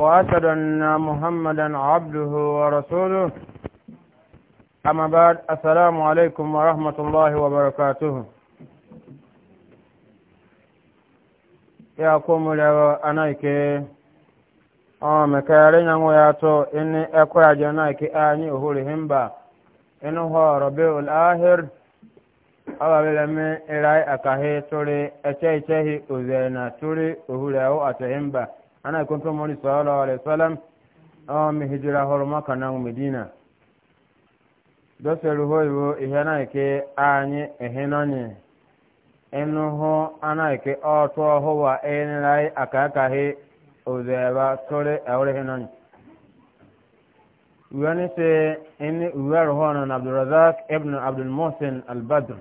وأشهد أن محمدا عبده ورسوله أما بعد السلام عليكم ورحمة الله وبركاته يا قوم لو أنايك أما آه، كارين وياتو إني أكوى جنايك آني أهولي همبا إنه هو ربيع الآخر ababilame ilai akahe turi ece icehi uzena turi uhulewo atehimba ana kuntum muni sallallahu alaihi wasallam awa mi hijira horo maka na medina do seru hoyo ihe na ke anyi ihe na nyi enu ho ana ke otu ohu wa eni rai akaka he ozeba tore awre he nani wani se eni uwar hono na abdurazak ibn abdul muhsin al badr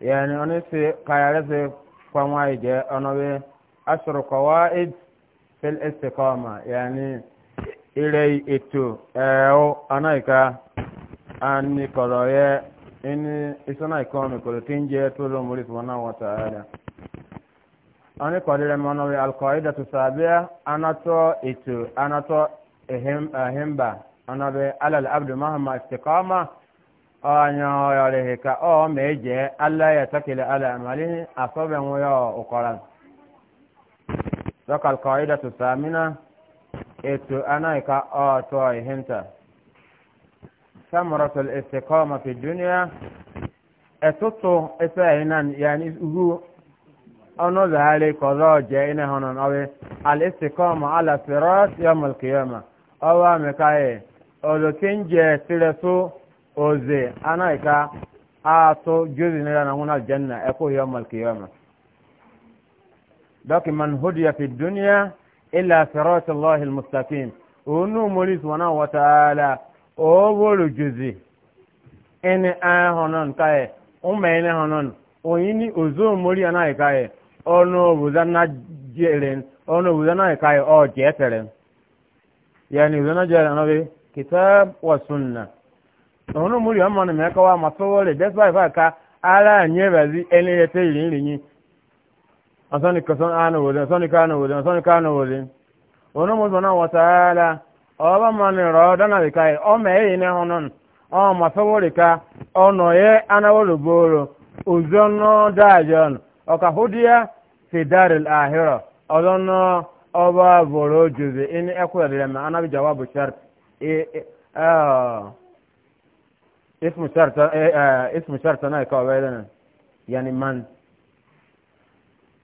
yani oni se kayare se kwanwa ije onobe ashru qawaid fil istiqama yani ilay itu eo anaika ani koroye ini isana ikomi kolo tinje tulo muri subhanahu wa ta'ala ani kodire mono wi al qaida tusabiya itu istiqama anya ala saka alkawaida tuthamina etu anaika otoa ihinta ثمرة الاستقامة في الدنيا اتطو اساهنان يعني هو أنو ذلك قضاء جائنا هنا أو الاستقامة على صراط يوم القيامة أو مكاي أولو تنجي سلسو أوزي أنا إكا آتو جزء لنا هنا الجنة أكو يوم القيامة dɔki man ya fi duniya ila sirati allahi almustaqim onu mori subhanahu wa ala o wolo juzi ene a honon kae o mene honon o yini ozo mori ana kae ono buzana jeren ono buzana kae o jeteren yani buzana wa sunna mori ka ene asani kason ana wole asani kana wole asani kana wole ono mo zona wa taala oba mani ro dana le kai o me yi e ne honon o ma so wole ka ono ye ana wole boro uzono dajon o ka hudia fi dar al ahira odono oba boro juze in ekwe le ma ana bi jawabu shart e ah اسم شرط اسم شرط انا كاولنا يعني من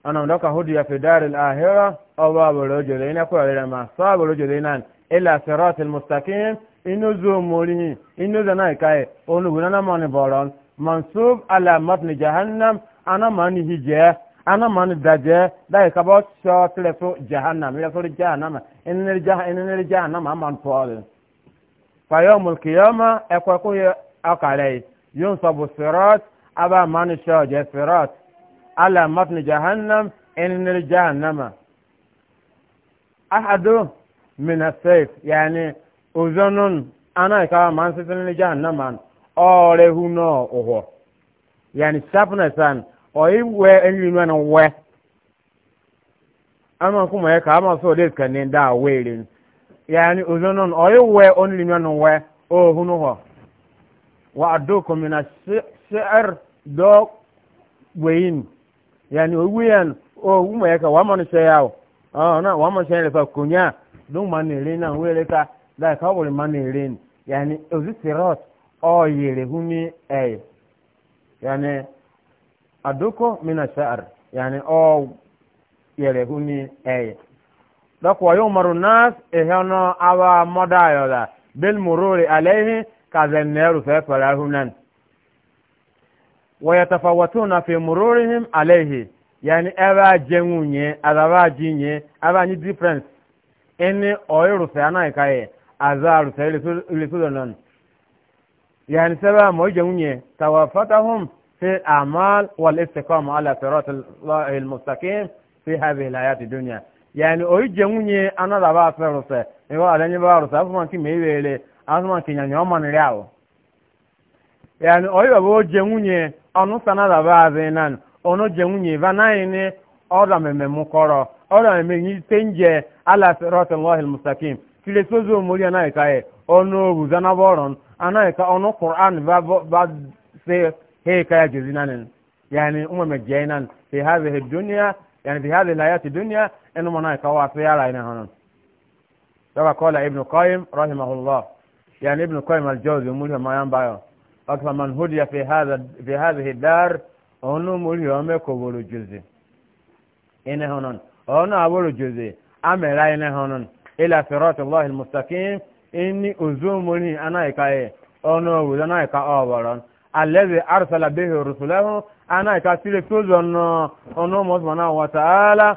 ana ndoka hudu ya fidar al-ahira aw babul julaina ko rere ma sabul julaina ila siratal mustaqim inu zumuri inu zana mani boron mansub ala matn jahannam ana mani hije ana mani daje dai ka bo so teleso jahannam ya so jahannam inil jah inil jahannam aman pole fa yawmul qiyama akwa ko ya akalai yunsabu sirat aba mani shaje sirat ala matni jahannam in jahannama ahadu min asayf yani uzanun ana ka man sitin ni jahannama ore huno oho yani sharpness an o iwe enyu na we ama kuma ya ka ama so des kan ne da werin yani uzanun o iwe only na we o huno ho wa adukum min do weyin yani owu yan o wuma ya ka wama ni ah na wama shayle fa kunya dun man ne rena wele ka da ka wori man ne ren yani ozi sirat o yere humi e, yani aduko mina sha'ar yani o yele humi e, dako wa yumaru nas ehano awa modayo da bil mururi alayhi ka zanneru fa farahunan wayatafawatuna fi mururihim alayhi yani aba jengunye adaba jinye aba ni difference ene oyiru sana ikaye azaru sa ile su donon yani saba mo jengunye tawafatahum fi amal wal istiqama ala sirat Allah fi hadhihi al hayat dunya yani oyi jengunye anada ba feru sa e wa adanyi ba ru sa fuma ki mewele asuma ki nyanyo manriawo yani ọnụ sanada ba azinan ọnụ jenwunye ba naanị ọrụ ameme mụ kọrọ ọrụ ameme yi tenje ala sirọtụ lọhil musakim tile sozo mori e, anaghị ka ye ọnụ owu zanaba ọrụ anaghị ka ọnụ kur'an ba ba se he ka ya jezi naanị yani umame jei nan fi hadhihi dunya yani fi hadhihi alhayati dunya enu mana ka wa fi yara ina hanan daga kola ibnu qayyim rahimahullah yani ibnu qayyim al-jawzi muli ma yan bayo أكثر من هدي في هذا في هذه الدار أنو مريم كبر جزء إنه هنن أنو أبر جزء أمر إلى صراط الله المستقيم إني أزوم أنا إكاي أنو وزنا إكا أبران الذي أرسل به رسوله أنا إكا سيرك تزن أنو مزمنا وتعالى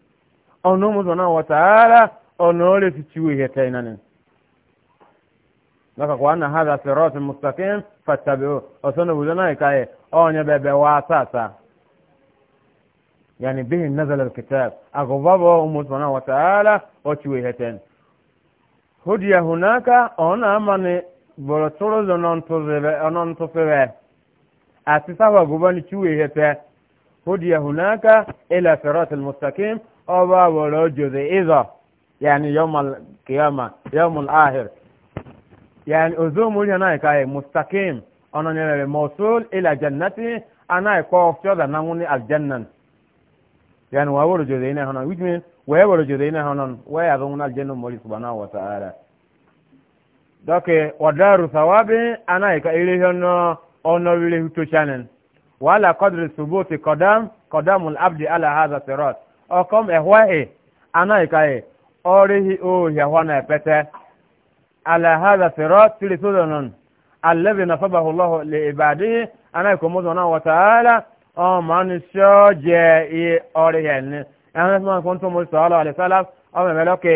ọ̀nà mùsùlùmí wa tààrà ọ̀nà ọ̀rẹ́ ti ciwo ihe ta ina ne lọ́kà kò wánà hàdà sẹ̀rọ̀tì mùsùlùmí fàtàbí ọ̀sán òwúlọ́ náà ìka yẹ ọ̀nyẹ bẹ̀bẹ̀ wá sàtà yàní bíhi nàzàlẹ̀ kìtàb àgùbọ̀bọ̀ mùsùlùmí wa tààrà ọ̀ ciwo ihe ta ina hudiya hunaka ọ̀nà amani bọ̀rọ̀ tóró ọ̀nà ntúfẹ́rẹ́ àti sáwà gùbọ̀ ni ciwo ihe ta hudiya hunaka ilà sẹ̀rọ̀tì ọba wọrọ jòzè ìzọ yani yọmọl kìyọmọ yọmọl ahir yani ozo múlíọ̀ náà ìka yẹ mustakim ọ̀nà nyẹrẹ rẹ mọ̀sọ́l ilà jannati aná ìkọ́ fiọ́dà náà ní aljannan yani wà wọrọ jòzè iná hànán which means wẹ́ẹ́ wọrọ jòzè iná hànán wẹ́ẹ́ àbẹ̀ wọn aljannan mọ̀lì subana wa ta'ala. dọ́kẹ́ wàdàrú sàwábì aná ìka ilé hànán ọ̀nà wílé hutó chanin wàhálà kọ́dìrì subúti kọ́dàm kọ́dàmù abdi alahazà sirat ọkọm ẹhwẹhị anaghịkaghị ọrịghị ohi ahwa na epete alahada sirọ tiri sodanon alebi na sabahu lọhụ le ibadihi anaghịkọ mụzọ na wataala ọmanụ sọjẹ ihe ọrịghị ẹni ẹni sọ nkụ ntụmụ sọlọ alisala ọmọmọlọ ke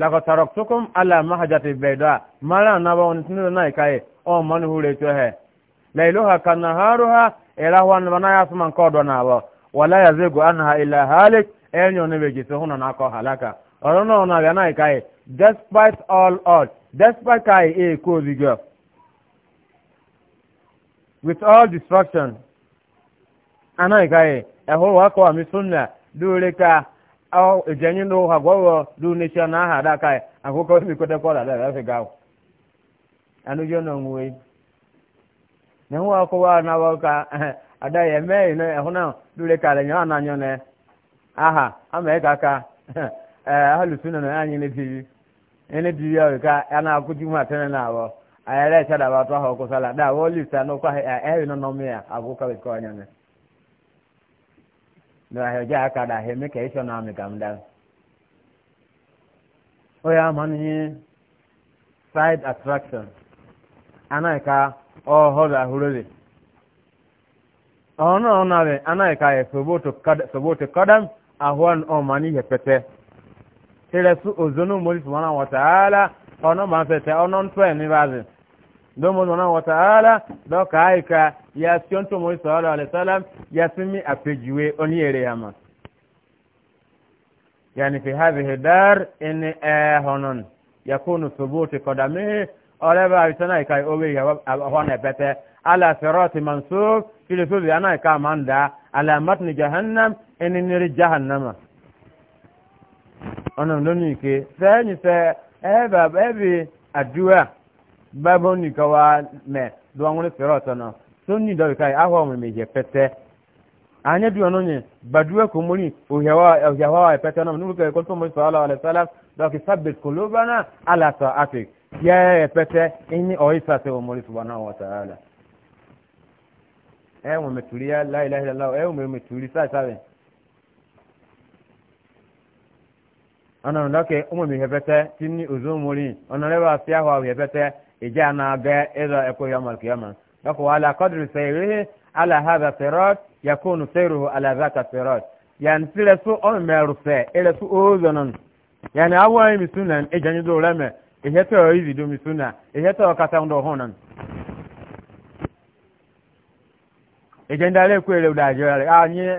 lakọtarọktukum ala mahajati bẹdọ mara na bọ ní tinubu náà ikaye ọmanụ hụrụ etu ha lailuha kanaharuha ila huwa nabana ya suman kodwa na bọ wala yazigu anha ila halik enyo ne be jise huna na ko halaka oro no na ga nai kai despite all odds despite kai e ko zigo with all destruction anai kai e ho wa ko mi sunna dure ka au ejenyi no ha gwo du ne na aha da kai akoko mi ko de ko la da fe gawo anu jo no ngwe ne na wa ka ada ye me ne ho na dure ka le nya na nyo aha ama ị kaka ee eh, ahụlụsụ nọ n'anya na n'etiri ya ka ya na-akụji na abụọ ayẹlẹ ìṣẹ̀dá bá tó a ọkọ̀sálà dáa wọ́n lè sànú kọ́ ẹ̀rí nínú mi àbúkọ́ ìkọ́ ọ̀yàn na-amị ama side attraction kọdam. ahwan ọmọni yẹpẹtẹ tẹrẹsù ozonu mori sumana wọtaala ọnà máa fẹsẹ ọnà ntọ ẹ níbàzẹ domo sumana wọtaala dọkà àyíká yasi ọntọ mori sọlọ alẹsọlá yasi mi àpèjúwe oníyèrè yàmà yàni fi hàbìhì dàr ẹni ẹ eh, hànán yakunu soboti kọdàmíhì ọlẹ́bàá àbísánà àyíká owó ìyàwó àwọn ẹ̀pẹtẹ alàfẹ́rọ́ọ̀tì mansó kìlìsó lìyànà àyíká máa ń dà alàmọ́tìní jahannam ẹni nírí jahannama ọ̀nà lónìí ike sẹ́yìn sẹ́ ẹ bá ẹbí àdúrà bábọ́ nìkan wá mẹ́ lọ́wọ́n fẹ́rẹ̀ ọ̀tọ̀ náà tó ní ìdọ̀wì káyì ahọ́ ọmọ mi yẹ pẹ́tẹ́ ànyẹ́ dùn ọ̀nà yẹn gbàdúrà kò mórí òhìàwá wà pẹ́tẹ́ náà nígbà kọ́ tó mórí sọ̀rọ̀ àlẹ́ sọ́lá lọ́kì sábẹ̀ kò ló bá náà alàtọ̀ àti yẹ ẹ pẹ́tẹ́ ẹni ọ̀yí sàṣẹ ọmọrí ana ndo ke umu mi tinni uzumuri ona lewa fiya wa hebete ija na ga ila eko ya kiyama dako wala sayrihi ala hadha sirat yakunu sayruhu ala dhaka sirat yani sile su on meru fe ele su ozonon yani awa mi sunan e janyu do lame kata ndo honan kwele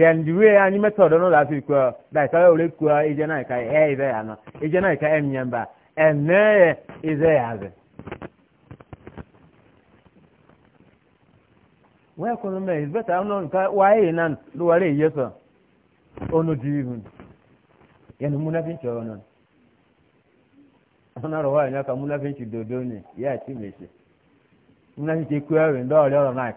yẹn the way anyi method no la fi kura da ole kura eje na ka ya no eje ka nyamba ene ize ya ze where come me is better uh, oh, no ka oh, why nan do wale yeso ono divun yẹn munafin choro non ona ro wa nyaka munafin chi dodo ni ya chi meshi munafin chi kura na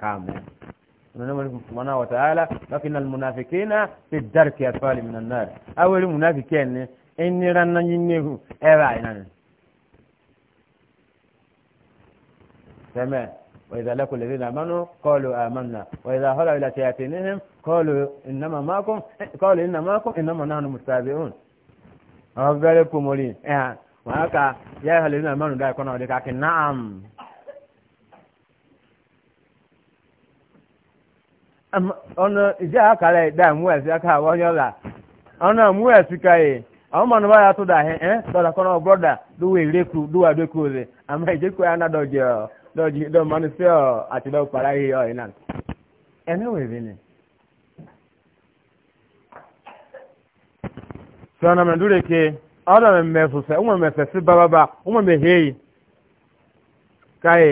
نعم، نعم، سبحانه وتعالى لكن المنافقين في الدرك أسفل من النار أول منافقين إني رنا ينيه إيه إبعنا تمام وإذا لكم الذين آمنوا قالوا آمنا وإذا هلوا إلى تياتينهم قالوا إنما معكم قالوا إنما معكم إنما نحن مستابعون أفضلكم ولي إيه وهكا يا أهل الذين آمنوا لا يكونوا لك نعم ọ̀nà ìjẹ́ àkàrà ìdá ìmú ẹ̀sì aka àwọn yọ̀là ọ̀nà ìmú ẹ̀sì kàyè àwọn ọmọ nìbá yàtọ̀ dà hẹ́ ẹ́ dọ̀dà kọ́nà brọ́dà lówó ìlékù lówó àdókù rẹ̀ àmọ́ ìjẹ́ kó yàrá dọ̀jì ọ̀ dọ̀jì dọ̀mọ́ni sí ọ̀ àti dọ̀ pàrà yìí ọ̀ ìnà ẹni wò ìbí ni. sọ̀nà mẹ́ndúrè ke ọ̀dọ̀ mẹ́fẹ̀fẹ̀ ọmọ mẹ́fẹ̀fẹ̀ bábábá ọmọ mẹ́hẹ́yì káyè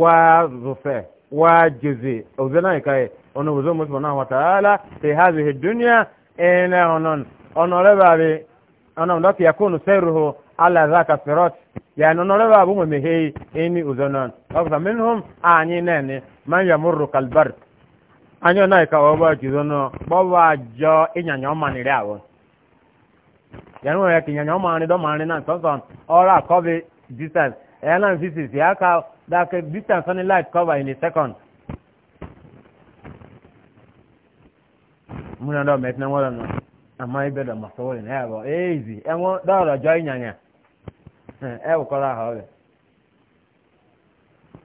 wá zùfẹ̀ wá jèzè òzẹ́ náà káyè ono buzo mu subhanahu wa ta'ala fi hadhihi dunya ina onon ono reba bi ono ndo yakunu sayruhu ala zaka sirat ya ono reba bu ini uzonon fa minhum ani nene man yamurru kalbar anyo na ka oba kizono baba jo inyanyo omanire awo yanu ya kinyanya omani do mani na sonson ora kobe distance airline physics ya ka that distance only light cover in a second muna da met na wala no amma ibe da masawari na yabo easy e mo da da joy nyanya e eh, ko la ha ole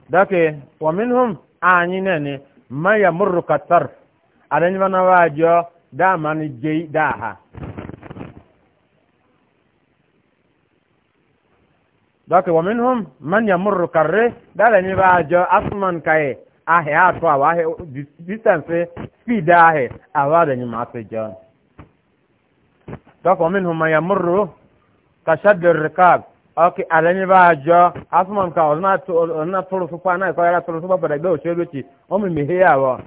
dake wa minhum anyi ne ne ma ya murru katar adan bana wajo da mani jei da ha dake wa minhum man ya murru karre da ne wajo asman kai ahịa atụ awa ahịa distance speed ahịa awa da nyuma afọ dọkọ min ya murru ka shaddin rikab ọkị alani ba jọ asụmọ ka ọdụna tụrụ sụpa na ịkọ yara tụrụ sụpa gbe oche o ọmụ mehe ya awa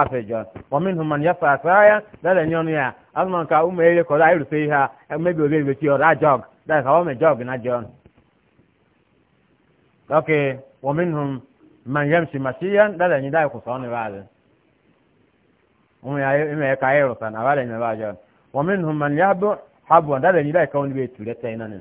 afọ jọn ọmin ya sa ya dada nye ọnụ ya asụmọ ka ụmụ ele kọrọ rute ihe a mebi oge ibechi dada ka jọg na jọn man yamshi masiyan dala ni dai ku sawni baade um ya ime ka yero tan awale ni baajo wa minhum man yahbu habu dala ni dai ka woni be tule tayna ne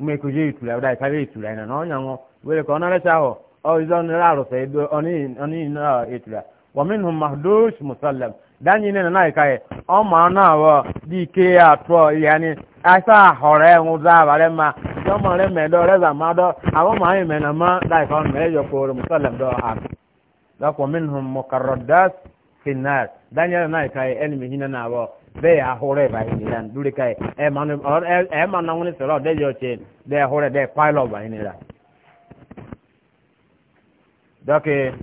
ume ko jeyi tule dai ka be tule na no nyango wele ko na la chaho o izon la ro se do oni oni na itula wa minhum mahdush musallam dani ne na ikaye o ma na wo di ke atro yani asa hore nguza bare ma yo ma re me do re za ma do awo ma yi me na ma dai kon me yo ko ru musallam do ha da ko minhum mukarradat fi nar danyi na ikaye enmi hina na wo be ya hore ba ni ran dure kai e ma no e, e ma na ngoni sero de yo che de hore de pile ba ni ran dake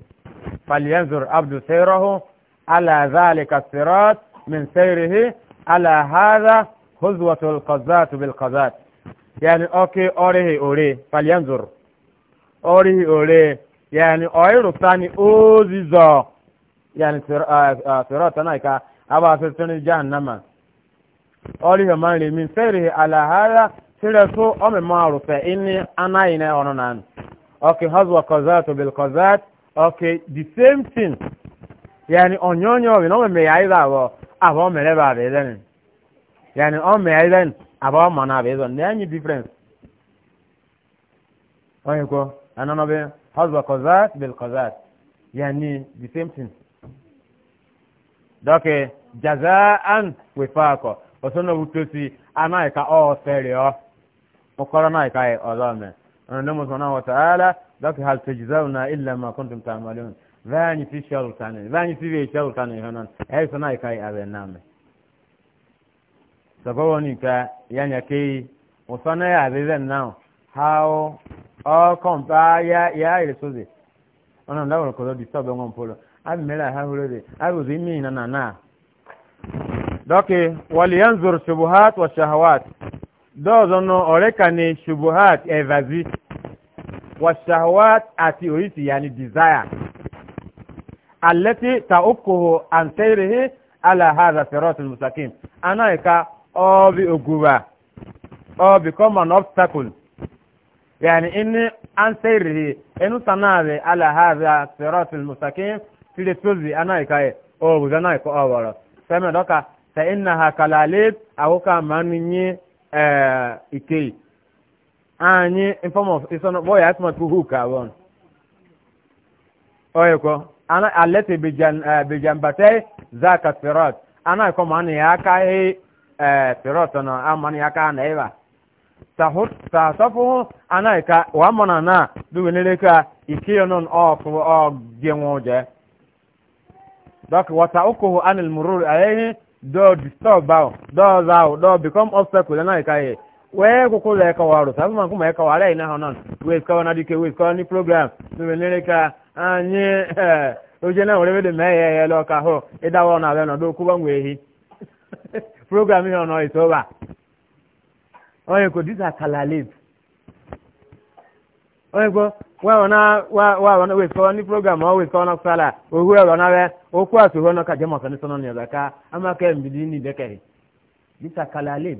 falyanzur abdu sayrahu على ذلك الصراط من سيره على هذا هزوة القذاة بالقذاة يعني أوكي أوريه أوري فلينظر أوريه أوري يعني أوير ثاني أوزيزا يعني صراط نايكا أبا سلطان جهنم أوريه مالي من سيره على هذا سيرسو أمي معروفة إني أنا إني أنا أوكي هزوة قذاة بالقذاة أوكي the same thing yani onyonyo bi no me ya ida bo abo me le ba be den yani o me ya den abo ma na be don yani difference oyin ko ana no be hazwa qazat bil qazat yani the same thing doke jazaan wifako osono butosi ana ka o sere o okoro na ka e ozame ana mo sona wa taala doke hal tujzauna illa ma kuntum ta'malun vanyi fi sharu tani vanyi fi ve sharu tani hanan ay e sana kai ave name sababu ni ka yanya ke usana ya ave now how all compare ya ya ile sozi ona ndawo ko do disturb ngom polo abi mela ha hulo de abi zimi na na na doke wali yanzur shubuhat wa shahawat dozo no oreka ni shubuhat evazi wa shahawat ati oriti yani desire alẹ́tí ta okòwò àǹtẹ́rìhí aláhàzà fẹ̀rọ̀tì mùsàkìm aná ìka ọ̀bì ògùwà ọ̀bì common obstacle yàní inú àǹtẹ́rìhí inú sanáàbì aláhàzà fẹ̀rọ̀tì mùsàkìm tìlẹ̀ tóbi aná ìka yẹ ọ̀bùzà náà ìkọ́ ọ̀wọ̀rọ̀ fẹ́mi dọ́ka tẹ iná ha kàlàlẹ́ àwòká màá ní yín ìké ààyè in form of ìsọ̀nà bọ́ọ̀yà àti màtí hù kàwọn. ọ̀yẹ̀kọ́. ana allati bi eh, jambatay zaka ana ko man ya ka e eh, na amani ya ka na iba tahut tasafu ana e ka wa mona na du wenele ka ikiyo non of o genwoje dok wata ukuhu anil murur alayhi e do disturb bao do zao do become obstacle na e ka e wee kwukwuru ya kawaru sabu man honon dike ka ni program du ka anyị ee oje na were wedo mee ya ele ọka hụ ịdawa na abịa n'ọdụ okwu gbanwee ehi program ihe ọnọ ite ụba onye ko dịta kalalib onye ko wa wana wa wa wana we ko ni program always ko na sala ohu e wana we oku asu ho na ka jema sanison ni zaka ama ka mbidi ni dekeri dịta kalalib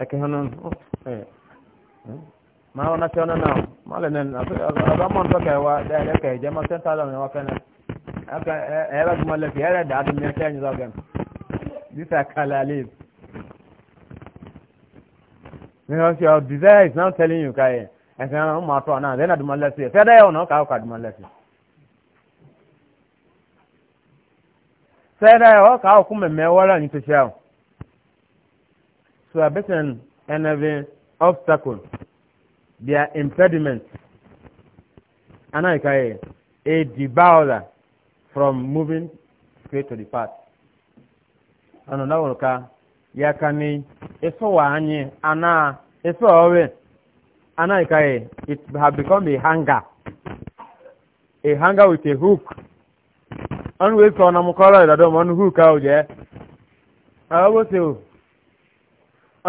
ekehonon oh, eh, eh ma wana chona na male nen adamon to kai wa da da kai jama sen ta da ne wa kana aka era kuma le fiere da da me tan zo gan disa kalalib ne ho si your desire is now telling you kai and na ma to na then aduma le se fe da yo oh, no ka ka aduma le se fe da yo oh, ka ku me me wala ni to shao so a bɛsɛn ɛnɛbi obstacle their impediment ana yi ka ye a debauler from moving straight to the path ɔno na wɔn ka ya ka ni eso wa anyi ana eso ɔwe ana yi ye it have become a hanger a hanger with a hook ɔno wei sɔ ɔnam kɔrɔ yi la dɔm ɔno hook a o jɛ ɔwɔ se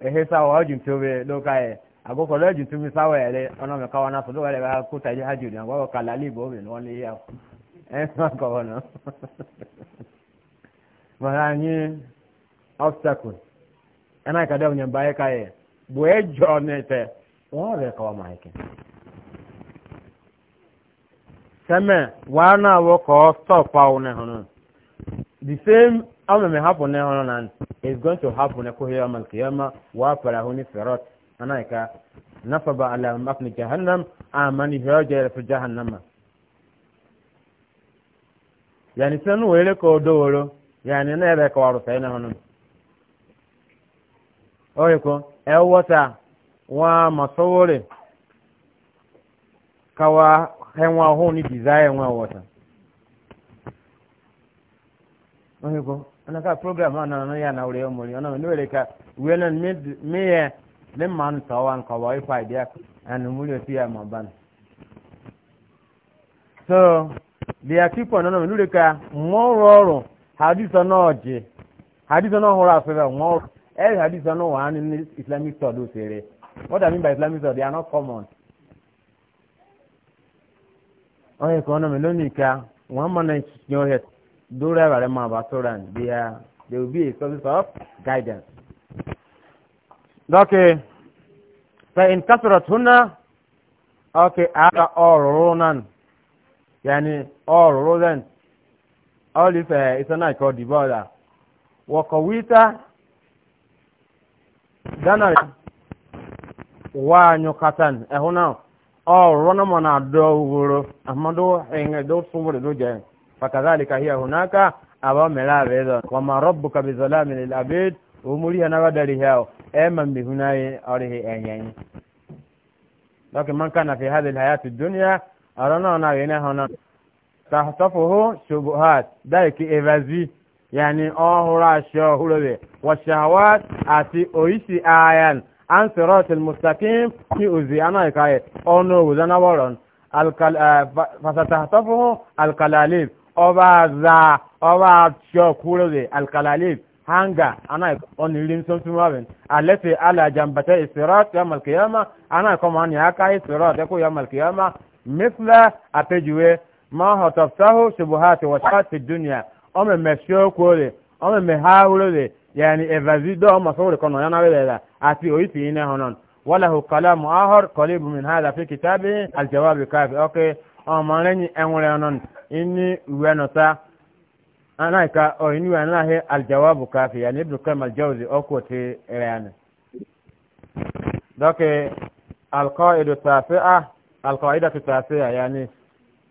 ehe sawa hajin tobe lo agogo lojin tumi sawa ere ona me kawa na so do ere ba ku ta ji hajin na wa kala li bo mi no ni ya eh ma ko ona mara ni obstacle ana ka da nyen bae kae bo e jo ne te wa re kawa ma ke seme wa na wo ko stop pa one hono the same ameme happen na ọrụ na is going to happen na kuhi yawm al wa falahu ni sirat anaika nafaba ala mafni jahannam amani hiroja ila fi jahannama yani sanu wele ko dowolo yani na ebe ka waru sai na hono oye ko wa masowore kawa henwa ho ni desire wa wota oyibo ana ka program ana no ya na ure omori ana no wele ka we na mid me ye le man to wan ko boy fa dia and muri ti ya ma ban so the akipo no no nure ka mo roro hadisa no oje hadisa no hora afere mo e hadisa no wa ni islamic thought o sere what i mean by islamic thought they are not common oye ko no me lo ni ka wọn mọ na ìṣìṣẹ́ durava rema batoran dia there will be a service of guidance okay fa in kasrat hunna okay ala orunan yani orunan all if uh, it's not called divorce wa qawita dana wa nyukatan ehuna orunamona do wuro amado enga do sumure do jeng فكذلك هي هناك أبو ملاب وما ربك بظلام للأبيد ومولي أنا ودري هاو أما بهنا أريه أنيني لكن من كان في هذه الحياة الدنيا أرانا أنا هنا هنا تحتفه شبهات ذلك إفازي يعني أوه راشا هلوي والشهوات أتي أويسي آيان عن صراط المستقيم في أوزي أنا كاي أو نو زنا ورن الكل آه، فستحتفه الكلاليب ọba za ọba tsọ kúrò de alkalalif hanga ana ọni rin sọmtun wabin alẹsẹ ala jambata isirat ya malkiyama ana kọma ni aka isirat ya ko ya malkiyama misla apejuwe ma hotoftahu subuhati wasati dunya ọmọ mẹsọ kúrò de ọmọ mẹhawúrò de yani evazi dọ ọmọ sọwọrọ kọnà yánà wẹlẹ la àti oyi fi iná hàn wàlàhù kalamu ahọr kọlíbù min hàdà fi kìtàbí aljawabi káfí ọkẹ ọmọ rẹ ni ẹnwúrẹ náà inni uwanota ana ka o inni wana he aljawabu kafi yani ibn qayyim aljawzi okote yani doke alqaidu tafi'a alqaidatu tafi'a yani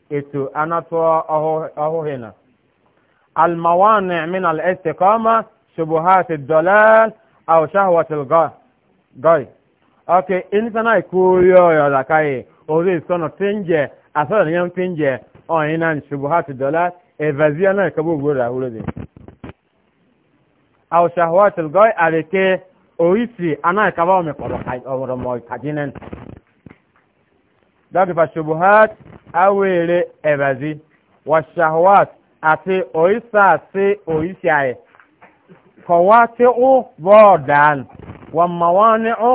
itu anato oho oho hina الموانع من الاستقامة شبهات الضلال أو شهوة الغي أوكي إنسان يكون يو يو لكي أريد كونه تنجي أصلا يوم تنجي ọ̀yìn náà ṣubuhati dọ́là ẹ̀vẹ̀zíà náà kabo gbòòrò àhúrò dè. àwòṣàhùwàtì gọ́ì àrèké oríṣi anáà kaba ọmọ ọ̀rọ̀ mọ̀ kàdínẹ́n. dọ́kítà ṣubuhati awéèrè ẹ̀vẹ̀zí wàṣàhùwàtì àti oríṣà sí oríṣi àyè. kọ̀wá tí ó bọ̀ dàn wọ́n mọ̀ wọ́n ní ó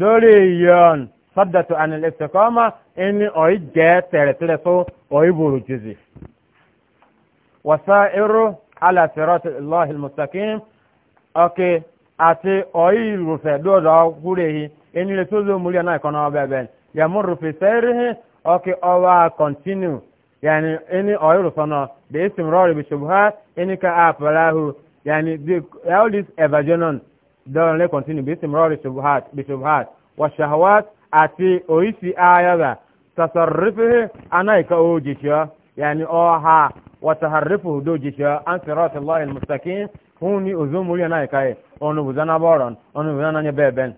dórí yọ̀ọ̀nù. صدت عن الاستقامة إن أعيد جاء تلتلسو ويبور جزي وسائر على صراط الله المستقيم أوكي أتي أعيد دو دو غوري إن لتوزو مليانا يكون بابن يمر في سيره أوكي أوا كونتينيو يعني إني أعيد صنع باستمرار بشبهات إني كأفلاه يعني the, all this دون لي كونتينيو باسم باستمرار بشبهات بشبهات والشهوات ati oisi ayaga tasarrufihi anaika ojisha yani oha wa taharrufuhu dojisha an sirati allahi almustaqim huni uzumuri anaika onu buzana boron onu buzana nye beben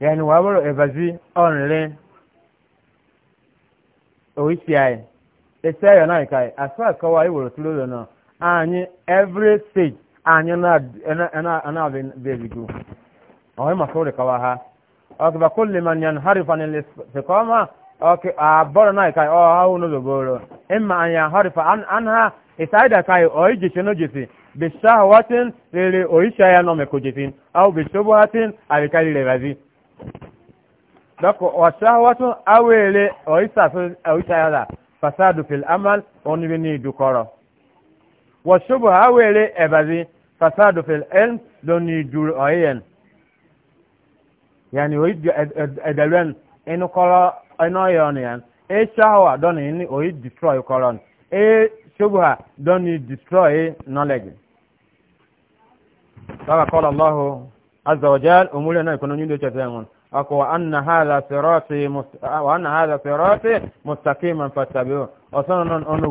yani wabaro evazi onle oisi ay ese ayo anaika as far as woro tulo anyi every stage anyi na na na na àwọn yìí màsúrù kọ́ wa ha ọkì bá kúlì mà nyàn harifa ní lẹ́sìkọ́mà ọkì àbọ̀rọ̀ náà ìka ọ̀ ha hùn ló gbòòrò ìmà ànyàn harifa an ha ìsáyidà ka yìí ọ̀yì jìṣẹ́ ní jìṣì bìṣà wàtín rere òyìṣẹ́ yẹn nọ mẹ́kọ̀ jìṣì àwọn bìṣà wàtín àríkà rẹ̀ rẹ̀ dako washahwatu awele oisa oisa fasadu fil amal onwe ni dukoro washubha awele ebazi fasadu fil ilm doni dur oyen yani oyi ɛdɛlɛn ɛnu kɔlɔ ɛnu ɔyɔni yan e shawa dɔni ni oyi destroy kɔlɔn e shubha dɔni destroy knowledge na ikono nyundo cha tengon wa anna hadha sirati wa anna hadha sirati mustaqiman fattabi'u osono non onu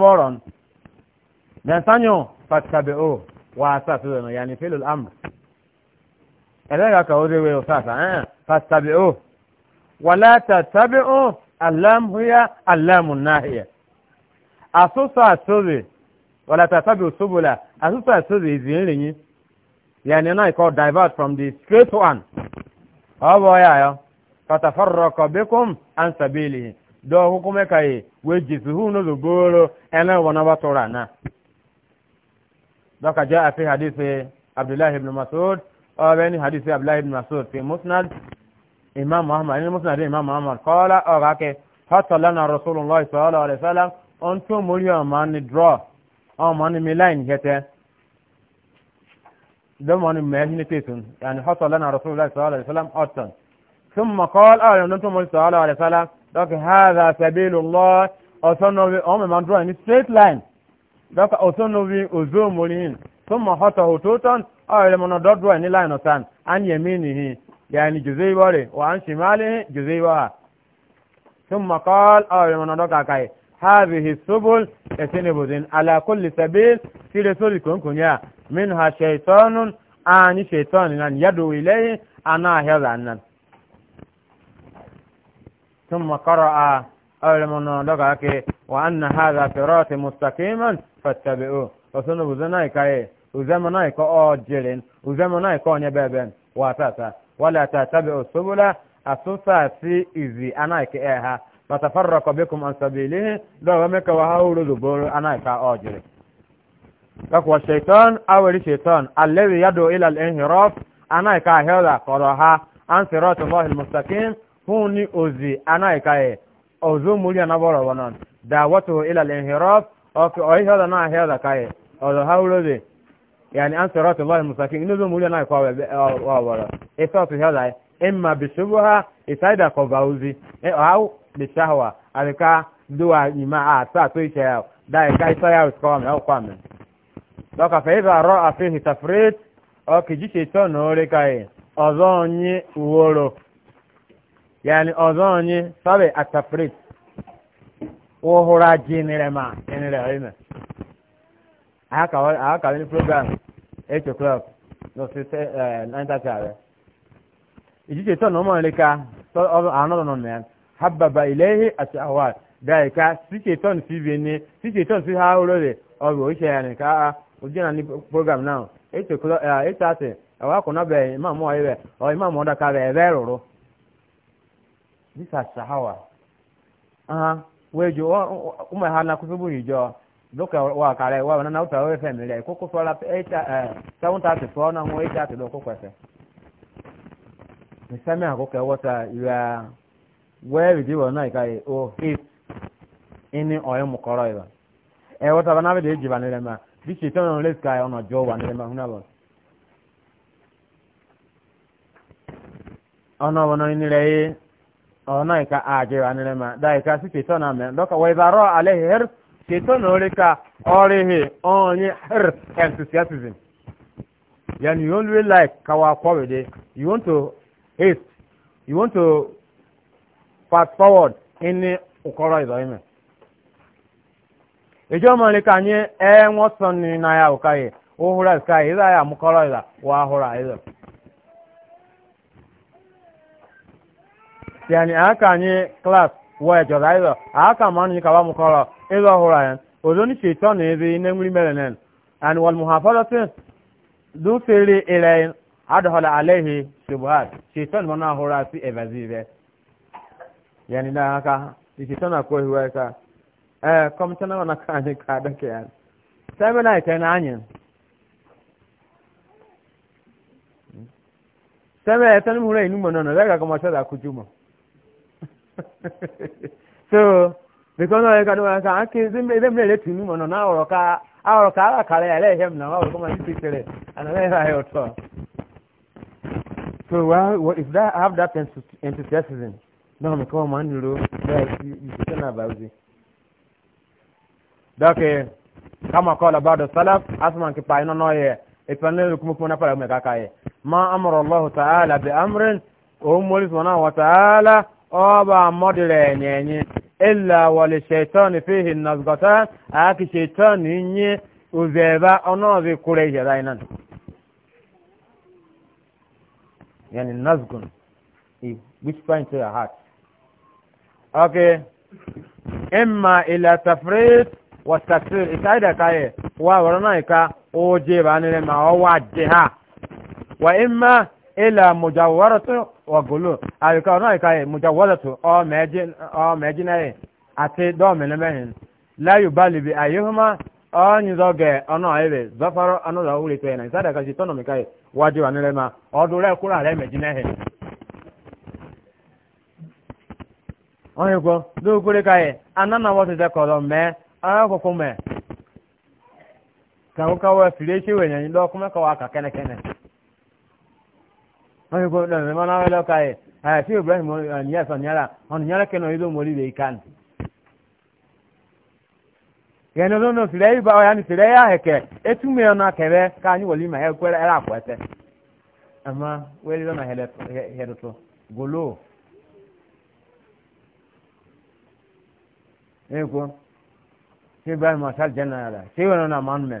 boron wa tó dọ̀nà yàní fẹ́lẹ̀ amr ẹlẹ́gà kan ó déwé fàtàbí ó ó divert from the straight one bíkún ansàbílì yìí gbòòrò náà tó rà náà. ذاك جاء في حديث عبد الله بن مسعود أو بين حديث عبد الله بن مسعود في مسند إمام أحمد إن مسند إمام أحمد قال أو ذاك حتى لنا رسول الله صلى الله عليه وسلم أنتم مليون من درا أو من ملاين هتا دم من ملاين تيسون يعني حتى لنا رسول الله صلى الله عليه وسلم أتن ثم قال أو أنتم مليون صلى الله عليه وسلم ذاك هذا سبيل الله أصنع أمم من درا in straight line dɔka osono bi ozo morihin summa hota hototon ɔyɛlɛ mɔnɔ dɔdua ni lain ɔtan an yaminihi yani juzei bɔre wa an shimalihi juzei bɔha summa kɔl ɔyɛlɛ mɔnɔ dɔka kai هذه السبل يتنبذن على كل سبيل في رسول كنكنيا منها شيطان آني شيطان أن يدعو إليه أنا هذا أنن ثم قرأ أول من وأن هذا صراط مستقيما fattabi'u osono buzana ikaye uzamana iko ojirin uzamana iko onye beben watata wala tatabi'u subula asusa si izi anaike eha fatafarraqa bikum an sabilihi do wameka wa haulu duburu anaika ojirin kakwa shaitan awari shaitan alladhi yad'u ila al-inhiraf anaika hela qaraha an sirati allahi al-mustaqim huni uzi anaika e ozumuri anaboro wanon dawatu ila al-inhiraf ok oyi hada na hada kai odo ya ni yani an siratu llahi ndị inu zo mulya na kwa wa wala ifatu hada imma bi shubha isaida ko bauzi e au bi shahwa alika duwa ima a sa to isha da kai ya ko am ya kwa men dọka fa idha ra'a fihi tafrit ok ji se to no re ozo onye uworo onye sabe wohora jinirema enire ime aka ni program 8 o'clock no si se eh, eh, nine thirty are ijije to nomo nleka hababa ilehi ati awa dai sike si bi ni sike ton si ha oro le ya ni ojina ni program now 8 o'clock 8:30 awa ko na be imam wa ibe wejo uma hana kusubu hijo doka wa kare wa na uta we family ko ko sala eta eh, kaunta eh, te fona ngo eta te doko kwese nisame ako ke wata ya wewe di wona kai o it ini oyo mukoro iba e wata bana be ji banele ma bi se tono le sky ono jo wa nele ma hunabo ono wono ni le ona ka aje anere ma dai ka si peto na me doka wa ibaro ale her ka ore he onye enthusiasm you only like kawa kwede you want to haste you want to fast forward in ukoro ido ime ejo ma ka nye e won na ya ukaye o hura sky ida wa hura ida yani aka anyị klas wee jọrọ ịlọ aka ma anyị kawa mụkọrọ ịlọ ọhụrụ anyị ozo ni shetan ezi ne nwuri mere nen and wal muhafazati du siri ilayin adhala alaihi shubuhat shetan mana ahura fi evazive yani da haka shetan akwai hiwa ka eh komishana wana ka anyị ka dake ya sai bala na anyị sai bala ita ni mura inu mana na daga kuma sada kujuma so because I can't can do that and kids in them let you know na oro ka oro ka ara kare ya him na oro oh, come and teacher and I have your talk so well if that have that enthusiasm no me come man you know you you can have it Okay, come dake kama qala ba'd salaf asman ki pa ino no ye ipanle kuma kuma na fara me kakaye ma amara allah ta'ala bi amrin o mo subhanahu wa ta'ala ọba mọdụlụ enyenye ila wali shaitan fihi nazgata aki shaitan nye uzeba ọnọbi kure ihe rainan yani nazgun which point to your heart okay imma ila tafrit wa tafsir itaida kaye wa warana ika oje ba nire ma o wa je ha wa imma ila mujawaratu ọgụlụ arịka ọnụ ịka ya mụja wọlọtụ ọ meji na ya ati dọọmịnị mehin layu balibi ayihuma ọnyị zọge ọnụ ọyịbe zọfarọ ọnụ lọ wuli ikpe na isada kashi tọnụ mịka ya wajiwa nile ma ọdụrụ ekwuru ala emeji na ya onye kwuo dụkwuru ka ya anana wọtụta kọlọ mee ọkwụkwụ mee ka akwụkwọ wee firi echi wenye ndị ọkụ mekọwa aka kene kene wọ́n yóò gbọ́dọ̀ ní mọ́nà wẹ́lẹ́ ọ̀ka yẹ àyàfi ibrahim ọ̀nìyàn sọ̀nyára ọ̀nìyàn kẹ́nà ìlú mọ́lì lè kàn. yẹn ló nọ sìrẹ́ ibà ọ̀yà ni sìrẹ́ yà hẹ̀kẹ́ etu mi ọ̀nà kẹ̀rẹ́ káàní wọ̀lì mà ẹ̀kọ́ ẹ̀rẹ́ àpọ̀ ẹ̀tẹ́. àmọ́ wẹ́lẹ́ lọ́nà hẹ̀dọ̀tọ̀ gòló. ẹ̀kọ́ ṣé ibrahim ọ̀sán jẹ́ náírà ṣé ìwé náà máa ń mẹ́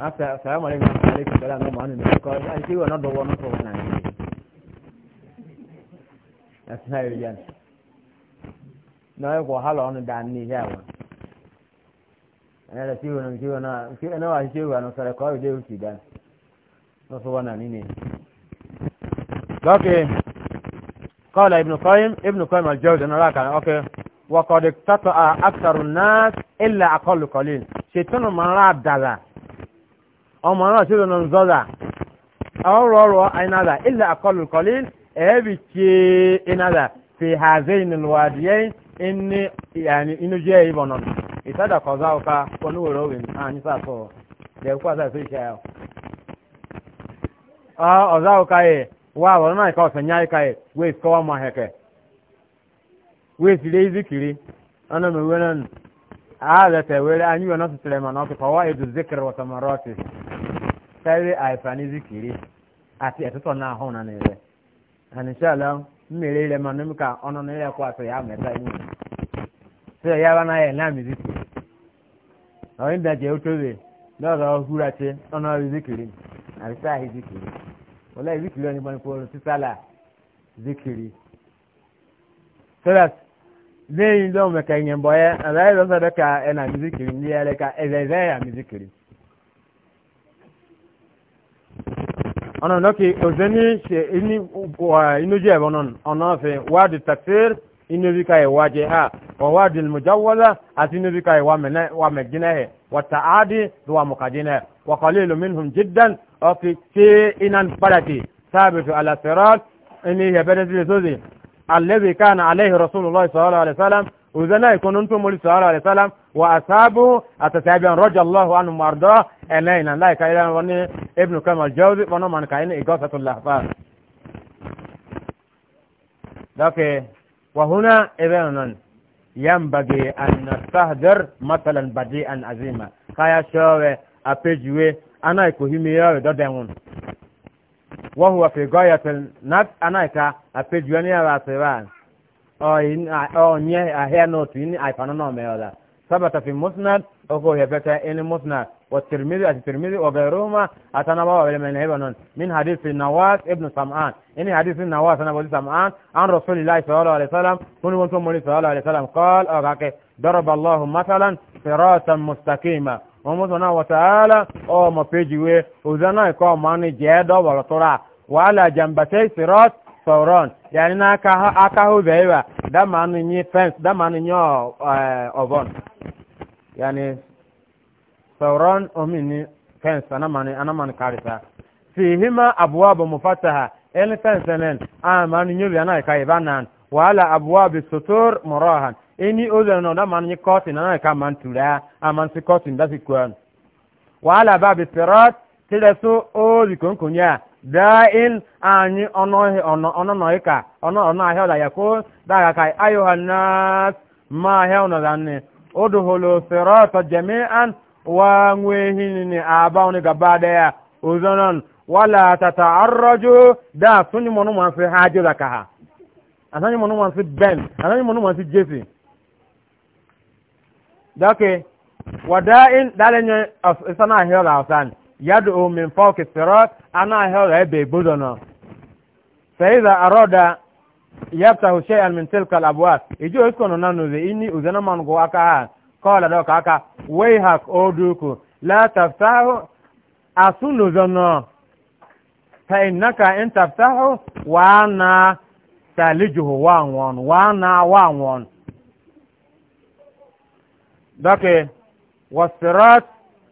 after salamu alaikum wa alaikum salam wa ma'anu because I see you are not the one for one night. That's how you get. Now you go hello on the knee here one. Ana da ciwo nan ciwo na ciwo na wa ciwo na sare ko je uci dan. No so wana nini. Okay. قال ابن قيم ابن قيم الجوزي انا راك اوكي وقد اقتطع اكثر الناس الا اقل قليل شيطان ما را دلا ọmọ náà ṣe lọ́nà zọ́dà ọrọ̀ ọrọ̀ ẹ̀nàdà ilẹ̀ àkọlù kọ́lí ẹ̀ẹ́bì ṣe ẹ̀nàdà fi hàzẹ́ ìnìlwàdìyẹ́ inú jẹ́ ìbọn náà ìtajà kọ̀ọ̀zá ọ̀ka pọ̀núwèrè òwe àní sàtọ̀ lẹ́kọ́ àtàkùn ìṣe ayọ̀. ọ̀zá ọ̀ka yẹ wà wọ̀n náà ìka ọ̀sẹ̀ nyáyé ka yẹ wéè kọ́wọ́ mọ́ ahẹ́kẹ́ wéè sì lé ìzíkiri ọ̀nà mẹ́wẹ́ náà هذا تاويل أن يونس سليمان فوائد الذكر وثمراته تاويل أيفاني ذكري أتي أتطلنا na نيلي na mmiri ma ka ọnụ na ịlekwa atụ ya meta sị ya bụ na ya na miziki onye daji otobe ọhụrụ achị ọnụ ọrụ zikiri na ahụ zikiri zikiri onye gbanikwuru sisala zikiri so that zeyin zan mai kan yin boye a zai zan sadaka yana mizikiri ni ya leka a zai zai ya mizikiri ọ̀nà lọ́kì òzeni ṣe inú jẹ́ ẹ̀bọ̀n ọ̀nà ọ̀fẹ́ wádìí takfir inú bí ka ìwà jẹ́ ha wàwádìí mujawwaza àti inú bí ka ìwà mẹ̀jìnà ẹ̀ wàtà áàdì lọ́wọ́ mọ̀kàjìnà ẹ̀ wàkọ̀lẹ́ ìlúmínhùn jiddan ọ̀fi tí inan padà ti sáàbẹ̀tù alàfẹ́rọ́ ẹni ìyẹ̀bẹ̀rẹ̀ sílẹ̀ sóde الذي كان عليه رسول الله صلى الله عليه وسلم وزنا يكون انتم صلى الله عليه وسلم واصحابه اتتابعا رضي الله عنه مرضاه الينا لا كاين وني ابن كما الجوزي وانا من كاين اغاثه الاحفاد لكن وهنا اذن ينبغي ان نستهدر مثلا بديئا عظيما خيا شوه ابيجوي انا يكو هيميا وددهون وهو في غاية النفس أنا كا أبيجوني على سبان أو إن أو نيه أهيا نوت إن أي فنان ما يلا ثبت في مسند أو هو بتا إن مسند والترمذي الترمذي وغيرهما أتنبأ من هبنون من حديث النواس ابن سمعان إن حديث النواس أنا بقول سمعان عن رسول الله صلى الله عليه وسلم كل من كم صلى الله عليه وسلم قال أو ضرب الله مثلا صراطا مستقيما ومسنا وتعالى أو ما بيجوا وزنا يكون ماني جاد ولا ترى wala jambatai sirat sauron yani na aka aka ho beiwa da manu nyi fence da manu nyo e, ovon yani sauron omini fence ana manu ana manu karisa fihima abwaabu mufataha el fence nen a manu nyu yana ka ibanan wala abwaabu sutur murahan eni ozo no da manu nyi curtain ana ka man tura a man si curtain da si kwan wala babu sirat tilaso o likonkonya da'in anyị ọnọnọ ịka ọnọ ahịa ọla ya ko daga ka ayuha nas ma ahịa ọnọ da nne udhulu an jami'an wa ngwehi ni aba oni gaba daya uzonon wala tata'arraju da sunyi monu man fi haji da kaha asanyi monu man fi ben asanyi monu man fi jesi dake wada'in dalenye sana ahịa ọla ọsani يدعو من فوق الصراط أنا هذا أبي بدنا فإذا أراد يفتح شيئا من تلك الأبواب يجو يسكن نانوزي إني أزنا من قواكا قال دوك أكا ويهك أودوكو لا تفتحه أسنو زنا فإنك إن تفتحه وأنا تلجه وان وان وأنا وان وان دوك والصراط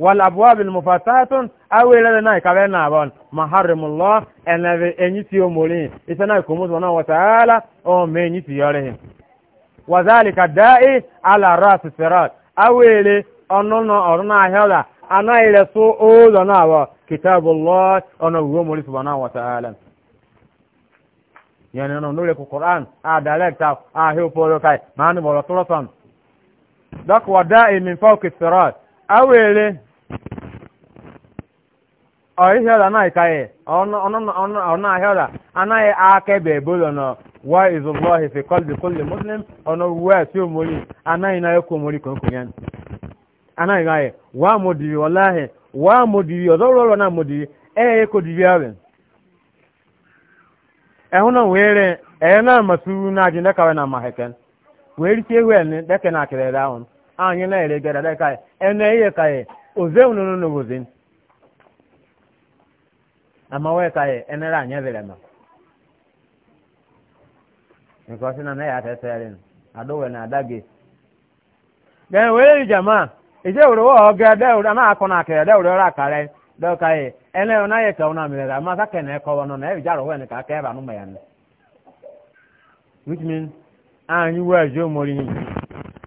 والابواب المفتحه او الى نا كبرنا بون محرم الله ان اني تي امولين اتنا كومز وانا وتعالى او مني تي يره وذلك الداء على راس الصراط او الى انونا اورنا هلا انا الى سو اولنا و كتاب الله انا هو سبحانه وتعالى يعني انا نقول القران ا دايركت ا هو بولوكاي ما نقول تورثان دك وداء من فوق الصراط او الى ọhịhịọla anaghịkaghị ọnụ ahịọla anaghị akaebe ebolo nọ wa izụlọ hefe kọlbi kọlbi muslim ọnụ wa si omori anaghị na ekwu omori konkonyan anaghị gaghị wa modiri ọla ọlaghị wa modiri ọzọ ọrọ na modiri ee ekodiri awin ẹhụ na were ẹyẹ na masu na ajin dẹkawẹ na mahẹkẹ wee risie wẹẹ ni dẹkẹ na akẹrẹ ẹdá ahụ anyị na-ere gara dị ka ene ihe ka ya e, oze unu n'obodo ama wee ka ya e, enere anya bere ma nke ọsị na anaghị ata etere adọwe na ada gị then wee yi jama ije wuru wa ọga dewuru ama akọ na akịrị dewuru ọrụ akara dọọ ka ya e, ene ọ naghị ka ọ na mere ama aka ka na-ekọwa nọ na ebija arụhụ ka aka ebe anụ ma ya which means anyị wee jụọ mori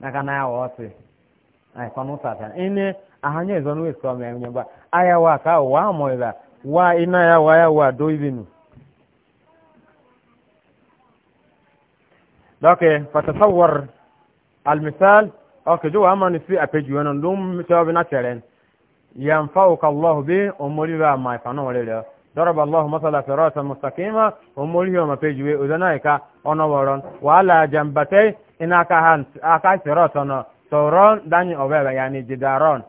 n'aka na-awa ọtị n'ekọnụ sasa ịnị ahanye ezonu esọ m enye gba ayawa ka wa amọịla wa ịna ya wa ya wa do ibinu dọkị e, fatasawar almisal ọkị jụwa ama n'isi apejuwe nọ ndụ na chere ينفعك الله به أمولي بها ما يفعلون لله ضرب الله مثلا ونورا وعلى جنبتي ina aka ha aka sirot no sauron dani ya yani jidaron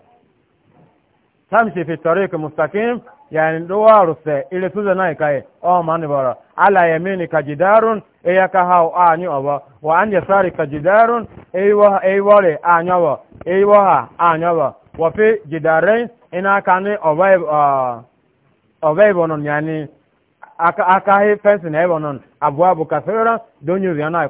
tamshi fi tariq mustaqim yani duwaru se ile tuzo nai kai o mani boro ala yamini ka jidarun e ya ka hau anyi obo wa an yasari ka jidarun e wa e ha anyobo e wa ha anyobo wa fi jidarain ina ka ni obebe obebe bonon yani aka aka he fence na ebonon abu abu kasira donyu yana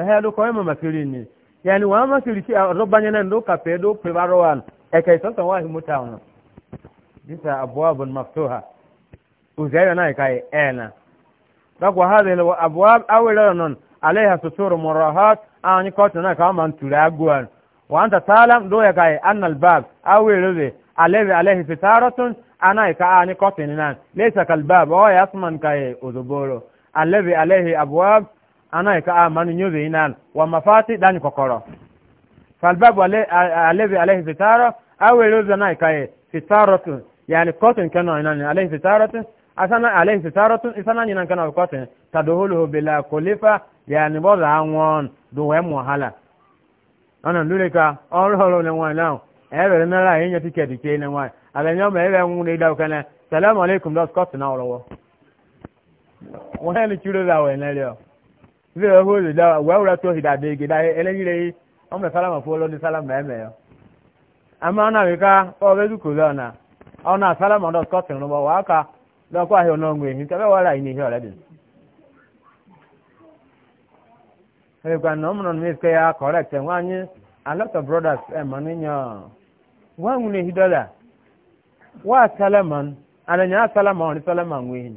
ehe do ko ma makiri ni yani wa makiri ti do banya nan do kafe do privarowan e kai sasa wa hi mutawon bisa abwabun maftuha uzayra na kai ena dako hadhihi alabwab awla non alaiha sutur murahat an ko tana ka man tulaguan wa anta talam do ya kai e, annal bab awla be alaihi alaihi fitaratun ana ka ani ko tinan laysa kalbab wa yasman kai uzuburu alladhi alaihi abwab ana ka amanu ah, nyobe inan wa mafati dani kokoro falbabu alevi alayhi fitara aw eloza na ka e fitaratu yani cotton kana inan alayhi fitaratu asana alayhi fitaratu isana nyinan kana cotton tadhuluhu bila kulifa yani boza anwon do we muhala ana luleka ọrụ ne nwa na na la ticket ke ne ebe kana salamu alaikum dos cotton na ni da na leo ilé ẹ̀hó lè dá wẹ́wúrẹ́ tó hìdá dé igi dá ẹlẹ́yìn lẹ́yìn wọ́n mẹ́ sálámà fún ọlọ́dún sálámà ẹ̀mẹ́ yọ. àmọ́ ọ̀nà àríká ọ̀rẹ́ dùkú lọ́nà ọ̀nà sálámà ọ̀dọ̀ scotland rúbọ̀ wàá ka lọ́kọ́ àhẹ́ ọ̀nà ọ̀gbìn yìí tẹ́lẹ̀ wọ́ọ̀rẹ́ ọ̀rẹ́ ya correct ẹ̀ anyi a lot of brothers ẹ̀ mọ̀ níyàn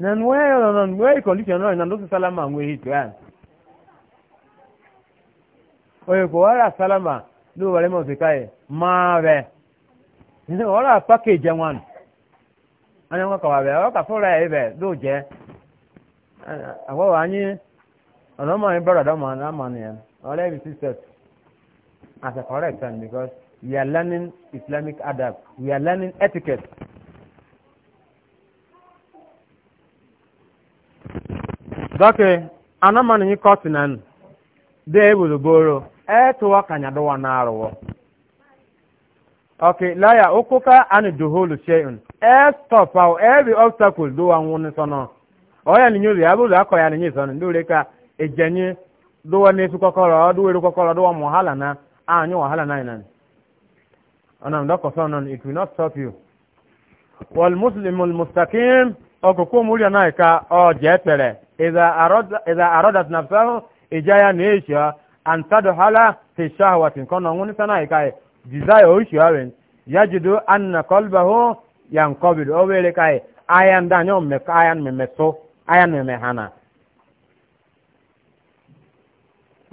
Na nwee ọ̀nà wẹ́ẹ̀ condition náà ìnáwó sí sálámà salama wéyí tó yàn. òyìnbó ọ̀rà sálámà ló wà lẹ́mọ̀ síkà yẹ maa rẹ̀ ọ̀rà package wọn wọn e. wọn kọ̀ wà bẹ̀ ọ̀rọ̀ kà fúnra ẹ̀ bẹ̀ ló jẹ́ anyị wà nyi ọ̀nà ọmọ yẹn bọ̀rọ̀ dọ́mọ náà as a correct time because we are learning islamic adab we are learning etiquette. dọkị anamani nyi kọtinan dị ewurugboro etuwa kanyadowa na-arụwọ ok laya okuka ani duhulu sheun e stop aw every obstacle do wa nwuni sono oya ni nyuri ya la ko ya ni sono ndure ka ejenye do wa nesu kokoro do we kokoro do wa muhala na anyị wahala na anyị. ana ndako sono it will not stop you wal muslimu al mustaqim okuko muri na ka o je tere ịza arọdat na fahụ ịja ya na eshia antadohala hishawati nke ọnụ ọnwụnụ sana ịka dizaya oshiawe ya jido anna kolbahụ ya nkọbido o were ka aya ndị anyị mmekọ aya mmemetụ aya mmeme ha na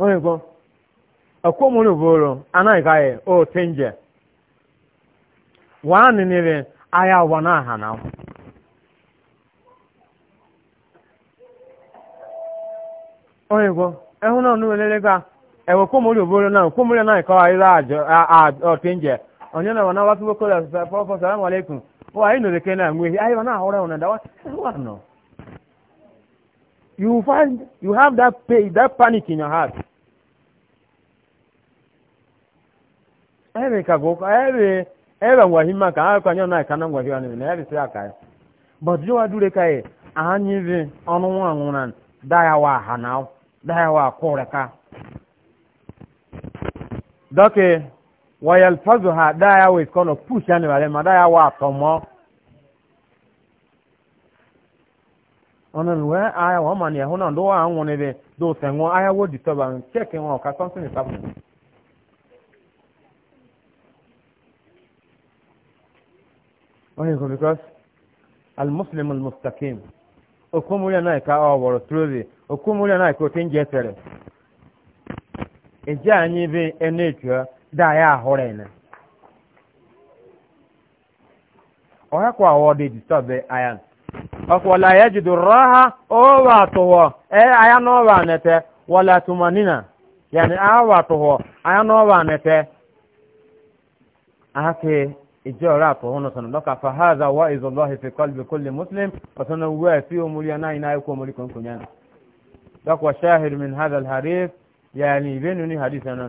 oyibo ọkụ mụrụ bụrụ anaghị ka o tinje wa nịnịrị aya ụwa na-aha na oyinbo ẹhun náà nínú ẹlẹ́lẹ́gbà ẹ̀wọ̀ kó mórí òbóró náà kó mórí náà kọ́ e, ayé àjọ ọ̀tẹ́njẹ onye náà wọn náà wá fúnbó kọ́lá fọ́fọ́ sàlámù alaykum wọ́n ayé nìyẹn kẹ́ẹ́ náà ń wéyí ayé wọn náà ọ̀rẹ́ wọn náà you find you have that pain that panic in your heart. ẹ̀rì kàgó ẹ̀rì ẹ̀rì ngwàhí mma kà áyọ̀ aka daha wa kore ka doke wayalfazuha daya wa iskono pusha ni wale madaya wa tomo onan we aya wa man ya honan do an woni de do senwo aya wo ditoba check won ka something is happening وهي because المسلم المستقيم okomuli anayi ka ọ wọrọ trozi okomuli anayi ka oke nje tere eji anyị bi enetua da ya ahụrụ ene ọha kwa awọ dị distobe ayan ọkwala ya jido raha ọwa atụwọ ee aya n'ọwa anete wala tumanina yani awa atụwọ aya n'ọwa anete ake ìjọra àtọ̀hún ọ̀sán lọ́ka fàhádà wá ìzọlọ́hì fi kọlbi kúlì muslim ọ̀sán wẹ́ fi omúrí ọ̀nà iná ikú omúrí kankan yẹn lọ́kọ̀ ṣáhìrì min hádà alhàríf yàní ìbínú ní hadith ẹ̀nà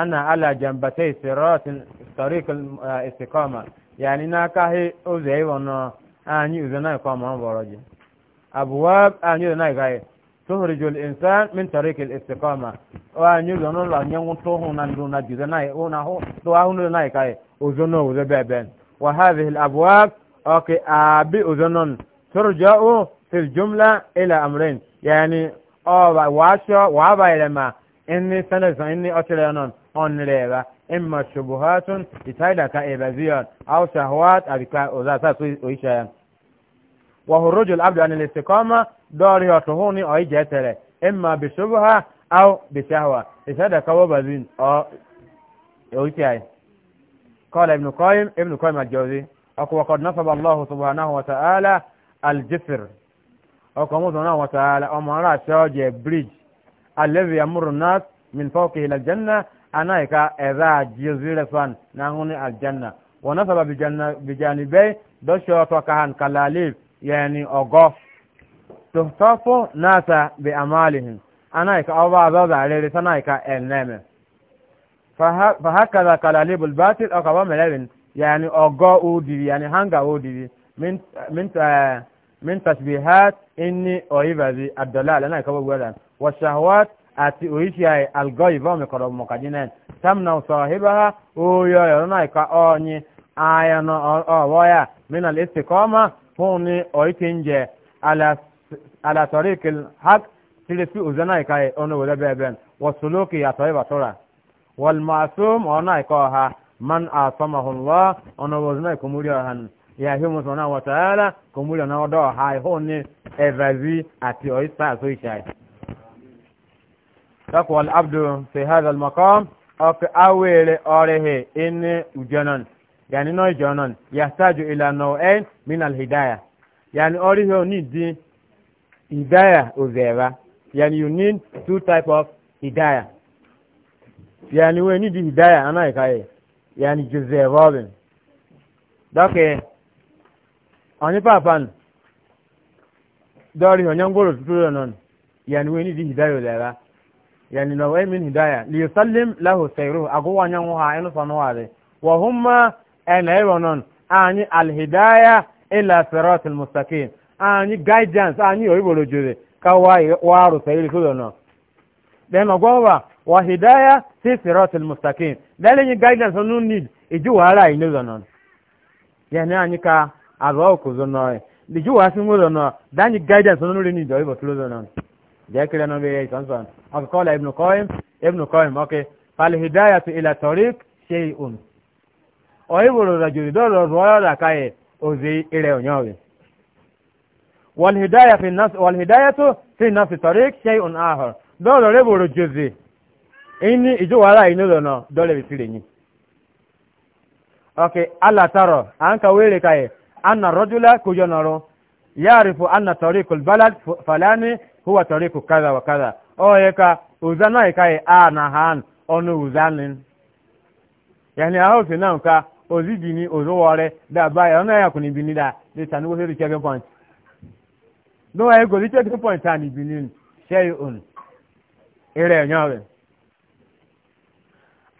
ana ala jambata ìsirọ́ọ̀tì tọ́ríkì ìsìkọ́mà yàní náà káhí ọ̀zẹ̀ ìwọ̀n náà ányí ọ̀zẹ̀ náà ikọ́ ọmọ ọ̀bọ̀rọ̀ jẹ àbúwá ányí ọ̀zẹ̀ náà gáyé tuhuri jul insan min tariki istiqama wa nyu zono la nyangu to hunan duna jizana una ho to ahunu na kai أذنو ذبابا وهذه الأبواب أوكي أبي آه، أذنون ترجع في الجملة إلى أمرين يعني أو آه، واشا وابا إلى ما إني سنة إني أتلانون أن ليبا إما الشبهات يتايدا كأيبا كإبازيون أو شهوات أبي أذاتا ويشايا وهو الرجل عبد عن الاستقامة داري أطهوني أو إجاتري إما بشبهة أو بشهوة يتايدا كأيبا زين أو آه، يتايدا قال ابن قايم ابن قايم الجوزي أقوى قد نصب الله سبحانه وتعالى الجسر أكو سبحانه وتعالى أمر شوجة بريج الذي يمر الناس من فوقه إلى الجنة أنا إكا إذا جزيرة فان نعوني الجنة ونصب بجن... بجانبي دشو توكهان كلاليب يعني أغف تهتفوا ناسا بأمالهم أنا إكا أبا ذا ذا ليرسنا إكا إنامه فهكذا كلاليب الباطل أو كبام الابن يعني أقا أودي يعني هنغا أودي من من من تشبيهات إني أعيب ذي الدلال أنا كباب ولا والشهوات أتي أعيشي الغيب ومقرب مقدنين تمنع صاحبها أو يرنا كأوني آيانا أو ويا من الاستقامة هوني أعيشي على على طريق الحق تلسي أزنا كأي أنو ولا بابن وسلوكي يا طيب طرح والمعصوم أنا إكوها من أعصمه الله أنا وزنا كمولي أهن يا هم سبحانه وتعالى كمولي أنا ودعا هاي هوني إفازي أتي أيسا سويشاي تقوى العبد في هذا المقام أك أول أوله إن جنان يعني نوع جنان يحتاج إلى نوعين من الهداية يعني أوله need the hidayah أزيرا يعني you need two type of hidayah yani wani di hidaya ana kaye yani jose robin dake oni papan dori onyan goro tuturo non yani wani di hidaya lara yani na wai min hidaya li yusallim lahu sayruhu agwa nyan wa enu sanware wa humma ana ironon ani alhidaya ila sirat al mustaqim ani guidance ani oyibolo jore ka wa wa ru sayri kudo no then ogwa wa hidaya fi sirat almustaqim dale ni guidance onu need iju wara ino zonon yani anyika azo ku zono iju wasi mu zono dani guidance onu re need oibo tulo zonon je kire no be san san ak qala ibn qayyim ibn qayyim okay fal hidayatu ila tariq shay'un oibo ro rajuri do ro ro ra kai ozi ire onyowe والهداية في النفس والهداية في نفس الطريق شيء آخر دول ربو رجزي ini ìjọwara inú lọ́nà dọ́lẹ̀ bí sílẹ̀ yìí ok alatarọ an ka wéèrè káyẹ anna rọdúlá kójọ nọrọ yáàrìfò anna tọríkù balad falani huwa tọríkù kaza wa kaza ọyẹ ka òzánà ìkáyẹ a na han onu òzánin Yani aho náà ka òzìdì ni òzówọrẹ dàbá ẹ̀ ọ̀nà ẹ̀yàkùn níbi nílà lè tàn wọ́n sẹ́rí checking point ló wáyé gòlí checking point tàn níbi nílù ṣẹ́yìn òun eré ẹ̀yàn rẹ̀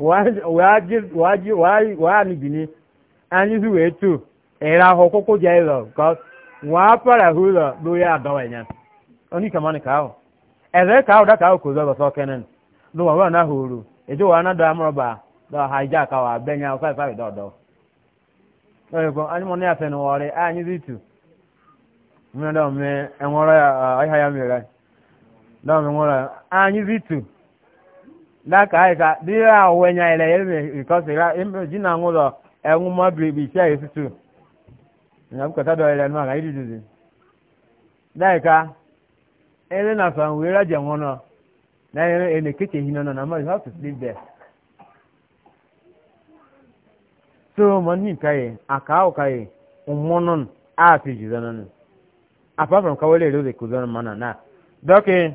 wàá níbi ni anyị zu wee tu ịra ahụ kwụkwụ jee ịlọ ka para hụ ụlọ lórí àdọwà ka oní kàmánì káwọ̀ ẹ̀rẹ́ káwọ̀ dá káwọ̀ nụwa zọlọ sọkẹ́nẹ́n ló eji wọ́n náà hòrò èdè wà náà dọ̀ọ́ amúrọ̀bà dọ̀ọ́ hajjá anyị tu Mmiri ya tu. daka aika dịrị ahụ wenya ele eme ikọsira ji na ụlọ enwuma biribi esi tụrụ na bukata ga iri ele na san wee raje nwụnọ na ere ene kete na nọ na mmadụ how to sleep there so mọni kaye aka ahụ a jizọ nọ apart from kawale ụzọ na dọkị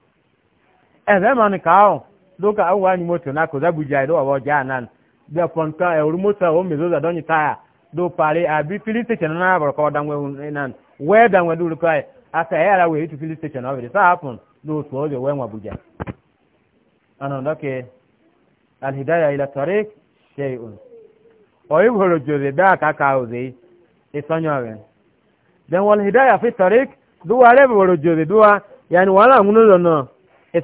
ẹ̀fẹ́ mọ̀ ní káwọn lóka awo wani moto na ko zabu jai do awo ja nan da fonka e uru mi zoza donyi taya do pare abi filling station na abro ko dangwe nan we dangwe du kai asa e ara we to filling station of it happen do so de we nwa buja ana ndoke al hidayah ila tariq shay'un o ibhoro jode da ka ka oze isonyo we then e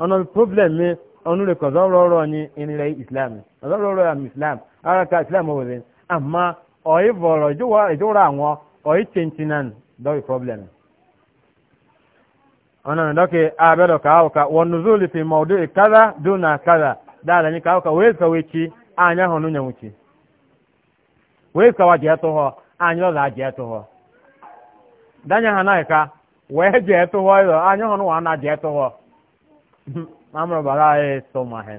ọnụ problem mi ọnụ rẹ kọzọ ọrọ ọrọ ọnyi islam ọzọ islam ara ka islam wẹrẹ àmà ọyí vọrọ ìdúró àwọn problem. ọ̀nà ìdọ́kì abẹ́rẹ́ kàáwó ka wọn nùzú lè fi mọ̀ ọdún ìkádà dùn nà kádà dáadáa ní kàáwó ka wéé sọ wéé kí hàn nínú anya wéé sọ wá jẹ́ tó họ. amụrụ bara anyị sọ ma ha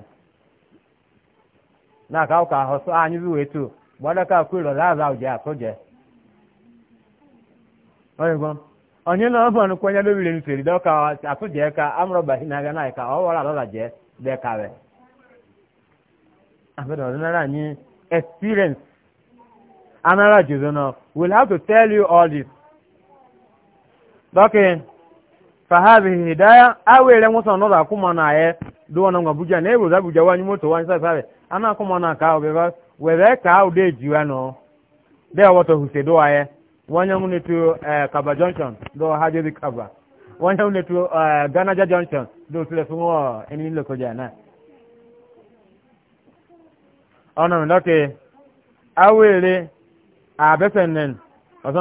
na ka ụka ahụ sọ anyị bi wee too gbada ka akwụ ịrọla aza ụdị atụ je oyigbo onye na ọbụ ọnụ kwenye dobiri nsiri dọka atụ je ka amụrụ bahi na aga na ka ọ wara alọla je de kawe abịa ọdịnala anyị experience anara jesu nọ will have to tell you all this dọkịta fahabihi hidaya awere nwụsa nọrọ akwụma na ya duwa na ngwabuja na eburu abuja wanyi moto wanyị sa sabe ana akwụma na ka obeba were ka ahụ dị ejiwa nọ dị ọwọtọ huse duwa ya kaba junction do ha jebi kaba wanyị ganaja junction do tule ọ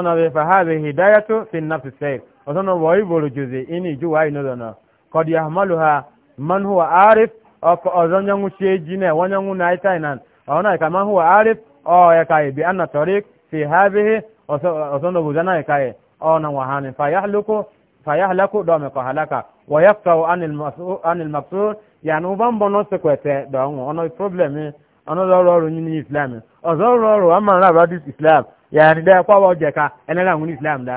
na hidayatu ọsọnà wọ ìbòrò jòzè inú ìjọwà ìnọdọ̀nà kọ̀dí àmàlùhà manhuwa arif ọkọ̀ ọ̀zọ́nyẹ́nwó ṣe jìnà wọ́nyẹ́nwó náà tainan ọ̀nà ìka manhuwa arif ọ̀ẹ̀ka ìbí anna tọ́rí fi hábíhí ọ̀sọ̀nà òbúzánà ìka ẹ̀ ọ̀nà wàhánì fàyáhlákù dọ̀mẹ̀kọ̀ halaka wọ̀yẹ́fọ̀ anilmaksur yàní wọ́n bọ̀ náà sẹ̀kwẹ̀tẹ̀ dọ̀ọ̀hún ọ̀nà problem ọ̀nà lọ́rọ̀ ọ̀rọ̀ yìí ní islam ọ̀zọ́ ọ̀rọ̀ ọ̀rọ̀ wọ́n máa ń rà bá dis islam yàní dẹ́ pọ́wọ́ jẹ̀ka ẹnẹ́rẹ́ àwọn islam dá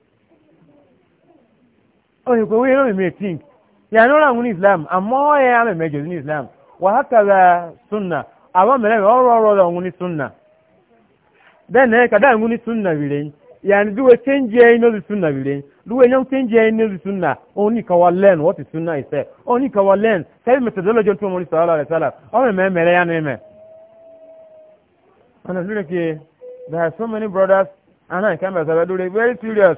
oye kò wéyìn lómi mìíràn yàrá ọ̀rọ̀ àwọn islam àmọ́ ọ̀yẹ́ àmì mẹ́jọ ní islam wàhákàlà sunna àwọn mẹ́rẹ̀ ọ̀rọ̀ ọ̀rọ̀ àwọn ní sunna bẹ́ẹ̀ náà kàdá àwọn ní sunna rèé yàrá dúwẹ́ change ẹ̀ ní ọdún sunna rèé dúwẹ́ yẹn change ẹ̀ ní ọdún sunna òun ní kàwá learn what is sunna ìfẹ́ òun ní kàwá learn sẹ́yìn methodology tó mọ̀rí sọ̀rọ̀ rẹ̀ sọ̀rọ̀ ọ̀rọ̀ mẹ́mẹ́rẹ́ yá nìmẹ̀. ọ̀nà lórí kí there are so many brothers and I can be very serious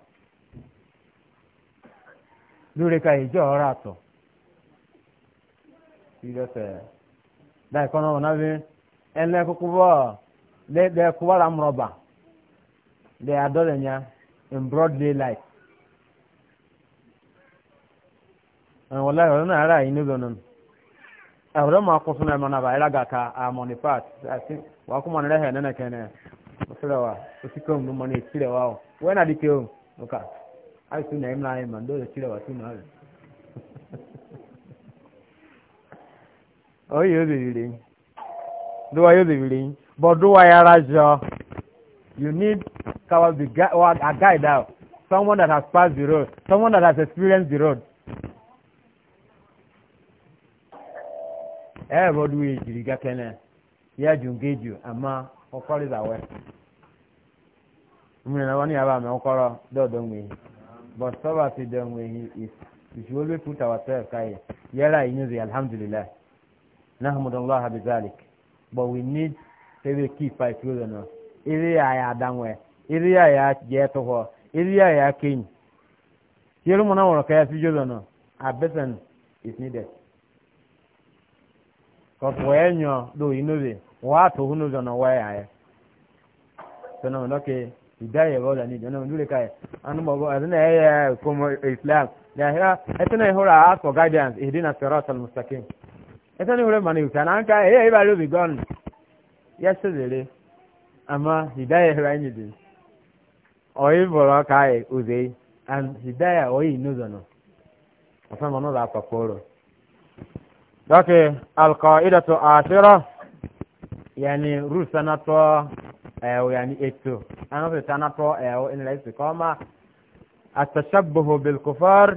lórí ka ìjọ ọ̀rọ̀ àtọ̀ ìrẹsẹ̀ láì kọ́ náà wọn náà fi ẹnlẹ́ kúkú in broad daylight ọ̀rọ̀ náà ara yìí nínú máa kó náà báyìí part àti kó nínú ẹ̀ ó wa wẹ́n náà ai suna yi mulayen man dole cire wa suna hau o yóò lè rè yín dúwa yóò lè rè yín but dúwa yàrá you need kawa be guy or a guide out someone that has passed the road someone that has experienced the road. ẹ bọ dúwa yìí jìrì gàkẹ́ náà yíyá jù ń gé jù àmọ́ ọkọ rí làwẹ̀. Mìíràn wọn ní yàrá mi ọkọ rọ dọ́ọ̀dọ́ ń but Sabbath is done when he is. We should always put ourselves higher. Yara inuzi alhamdulillah. Nahmudullah bizalik. But we need every key five children. Iri aya adamwe. Iri aya jetoho. Iri aya king. Yẹ́rù mọ́nà wọ̀rọ̀ kẹ́yà sí Jọ́dọ̀ A àbẹ́sẹ̀n is needed. Kọ̀pọ̀ ẹ̀ yàn lóyún lóde, wọ́n á tó hún lóde ọ̀nà wáyà ẹ̀. Sọ́nà ọ̀nà kẹ́yà hidaya ba da ni da nan dole kai an ba ba azna ya eh, kuma islam da hira etana hura ask for guidance ihdina siratal mustaqim etana hura mani utana ka eh ba lu bi gon yesterday ama hidaya hura ni din oyi boro kai uze and hidaya oyi nuzono afan mono da pakoro dake alqaidatu asira yani rusana to ẹ̀wọ̀ yà ní ètò àwọn sì tán atọ́ ẹ̀wọ̀ ilẹ̀ ìsìn kọ́ ma àtẹ̀sẹ́bùhù bilkufar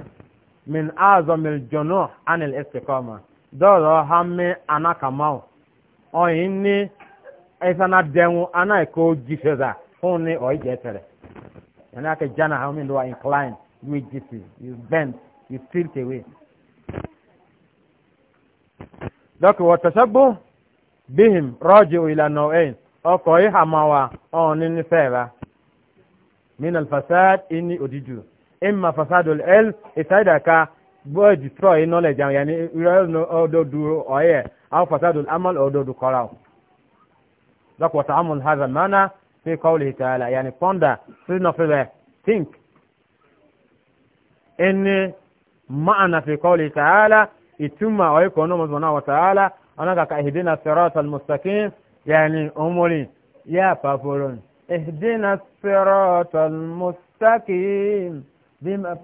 min azọmil jọ̀nù anil ìsìn kọ́ ma dọ́ọ̀lọ́ ha mi anakamaw ọ̀yìn ní ẹ̀sánà dẹ̀wọ̀n aná ẹ̀kọ́ jíṣẹ́dà fún ní ọ̀yìn jẹ́ tẹ̀rẹ̀ yẹn ake jana how do are inclined you jisi you bend you tilt away. dọ́kì wọ́n tẹ̀sẹ́bù bíhìm rọ́ọ̀jì ìlànà ẹ̀yìn ọkọ̀ ìhàmáwa ọ̀hún ní fẹ́ẹ̀rà min alfasad inni odiju imma fasad al isaida ka bo destroy knowledge am yani real no odo du oye aw fasad al amal odo du qarao dak wa ta'amul hadha mana fi qawlihi ta'ala yani ponder sin of the think in ma'ana fi qawlihi ta'ala ituma wa yakunu mazmana wa ta'ala anaka ka ihdina siratal mustaqim يعني أمري يا بابورون اهدنا الصراط المستقيم بما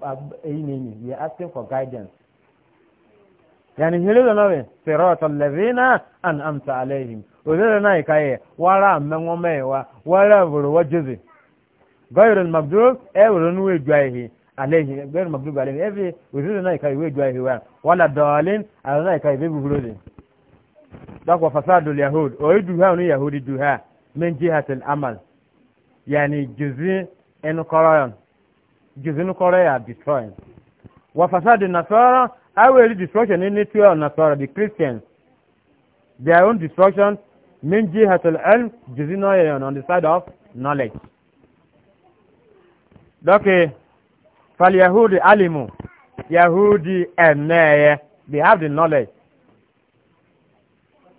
أبيني يا أكتم for guidance يعني هلو نوي صراط الذين أنعمت عليهم وذلك نايكاية ولا منومي ولا برو وجزي غير المبدوب أولو نوي جايه عليه غير المبدوب عليه أبي وذلك نايكاية وجايه ولا دالين على نايكاية بيبو بلوزي dakwa fasadul yahud o duha ni yahudi duha min jihatil amal yani juzi en koroyon juzi nu koroya destroy wa fasadul nasara aweli destruction in it or nasara the christians their own destruction min jihatil ilm juzi no yon on the side of knowledge doke eh, fal yahudi alimu yahudi eneye eh, they have the knowledge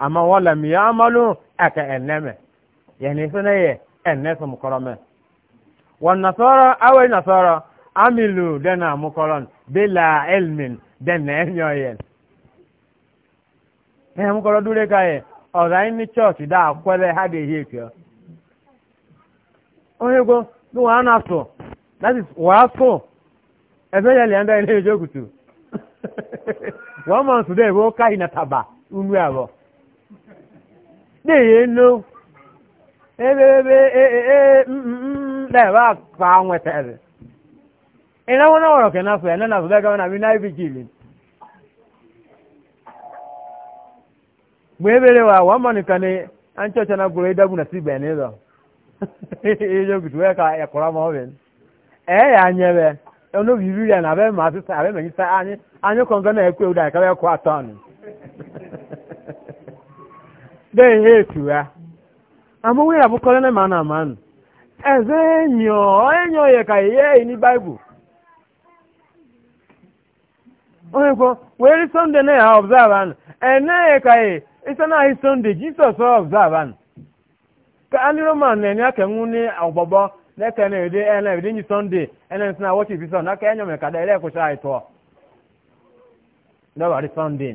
amma wala mi amalu aka enneme yani sene ye enne so mukorome wan nasara awai nasara amilu dena mukoron bila ilmin dana enyoyen eh mukoro dure kaye ọ̀rọ̀ ní chọọchị daa akwere ha dị ihe ekio onye go ni wàá na sọ that is wàá sọ ẹgbẹ́ yẹn lẹ́yìn dáhìn lẹ́yìn jókòtò wọ́n mọ̀ nsúdẹ̀ ìwé ó káyìn náà tàbá dịịnụ ebebe ee dẹba pa àwọn ẹtẹrẹ ìnáwó náà wọ̀rọ̀ kẹ́ náà fẹ́ náà náà fẹ́ bẹ́ẹ̀ gọ́mìnà mi náà ibi jìlì gbẹ́bẹ̀rẹ̀ wa wọ́n mọ̀ nìkan ni à ń tọ́jú náà gbòòrò ìdẹ́gùn náà sí bẹ̀ẹ̀ nílọ ìyẹn òkùtù wẹ́ ka ẹ̀kọ́ra mọ́ ọ̀bẹ̀ ẹ̀ yà á nyẹ bẹ́ẹ̀ ẹ̀ ọ̀nà òbí rírì ẹ̀ nà abẹ́ màá sísá abẹ́ mẹ́yìn sá anyé kọ̀ọ̀kan náà ẹ̀kú ewu dà ẹ̀kọ́ ẹ̀kọ́ àtọ́ àná. dee ihe etu ha amaghị ya bụkọrọ na mana amanụ eze enyo enyo ya ka ihe ni baịbụl onye kwuo were sọnde na ya ọbzava anụ ene ya ka e, na ahị sọnde jisọs ọbzava anụ ka roman na-enye aka nwu n'ọgbọgbọ na-eke na-ede ene sọnde na wọchị enyo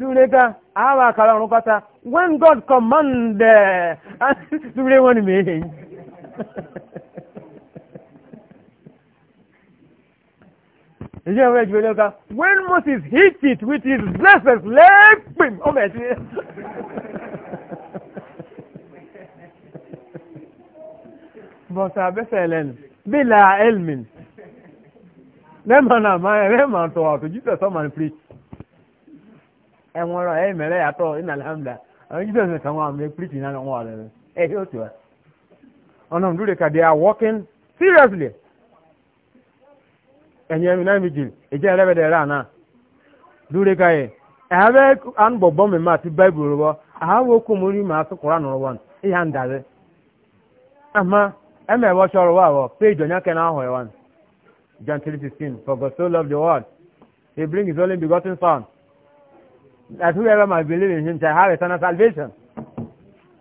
dureka awa kala ọrùn pata when god command dure wọn ni mehe ìjẹ́ ìwé ìjìbẹ̀ lọ́ka when moses hit it with his blessed lẹ́pìn ọmọ ẹ̀sìn bọ̀sà abẹ́sẹ̀ lẹ́nu bílà elmin lẹ́mọ̀nà máa ẹ̀rẹ́ màá tọ̀ àtòjútẹ̀ sọ́mà ní preach enwere e mere ya tọ ị nala mda onye jizọs ka nwa m ekwuriti na nwa ọlụlụ ehi otu a ọnụ ndụ dị ka they are working seriously enye mi e na imijil eje erebe dere ana dure ka ye abe an bobo me ma ti bible ro aha wo ko mo ri ma su quran ro wan e han dare ama eme wo so ro wa wo page na john 3:16 for god so loved the world he bring his only begotten son that whoever might believe in him shall have eternal salvation.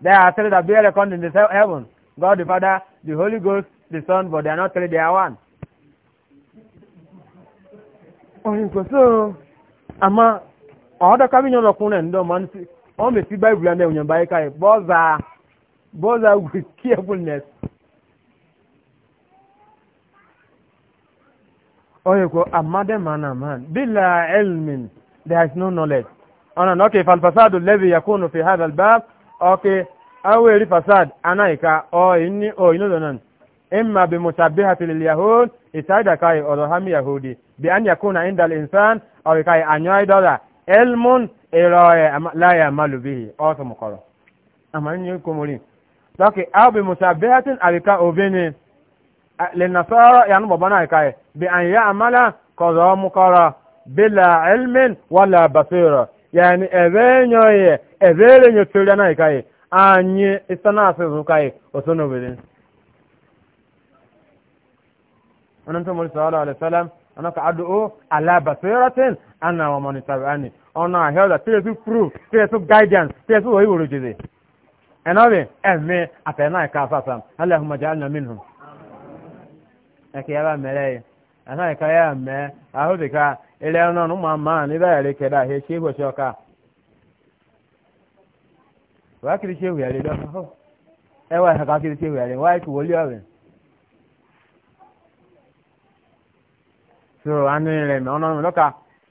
There are three that be record in the heaven God the Father, the Holy Ghost, the Son, but they are not three, they are one. Òyìnbó so àmọ́ ọ̀ọ́dọ́ká bí yan lọkùnrin ẹ̀ńdọ́ máa ń sí wọ́n mi sí báìbù lẹ́nu ẹ̀wọ̀n báyìí káyè bọ́ọ̀zà bọ́ọ̀zà with carefulness. Òyìnbó àmọ́ dẹ́mọ̀ náà man bí la elmin there is no knowledge. أنا نوكي فالفساد الذي يكون في هذا الباب أوكي أو الفساد أنايكا أو إني أو إنودنان إما بمشابهة لليهود إسايدا كاي أولوهام يهودي بأن يكون عند الإنسان أو كاي أنيوي دولا علم لا يعمل به أو سمقرأ أما إني كمولين لكن أو بمشابهة أبكا أوبيني للنصارى يعني بابانا كاي بأن يعمل قضاء مقرأ بلا علم ولا بصيره yani ebe nyoye ebe ele nyotere na ikai anyị isana asịzụ kai otu n'obodo ọnụ ntụ mọlị sọlọ ala salam ọnụ ka adụ ala basiratin ana wa monitor ani ọnụ ahịa ọzọ tire su pru tire su guidance tire su wuru mere ilẹ̀ ọ̀nà ọ̀nà máa máa ní báyìí kẹ́dà ṣe ṣe ìwọ̀ṣẹ́ ọ̀ka wá kiri ṣe ìwé ẹ̀rẹ́ lọ́wọ́ ẹ wá ìṣàkà kiri ṣe ìwé ẹ̀rẹ́ wá ìtù wọlé ọ̀rẹ́ so anú ilẹ̀ mi ọ̀nà ọ̀nà lọ́ka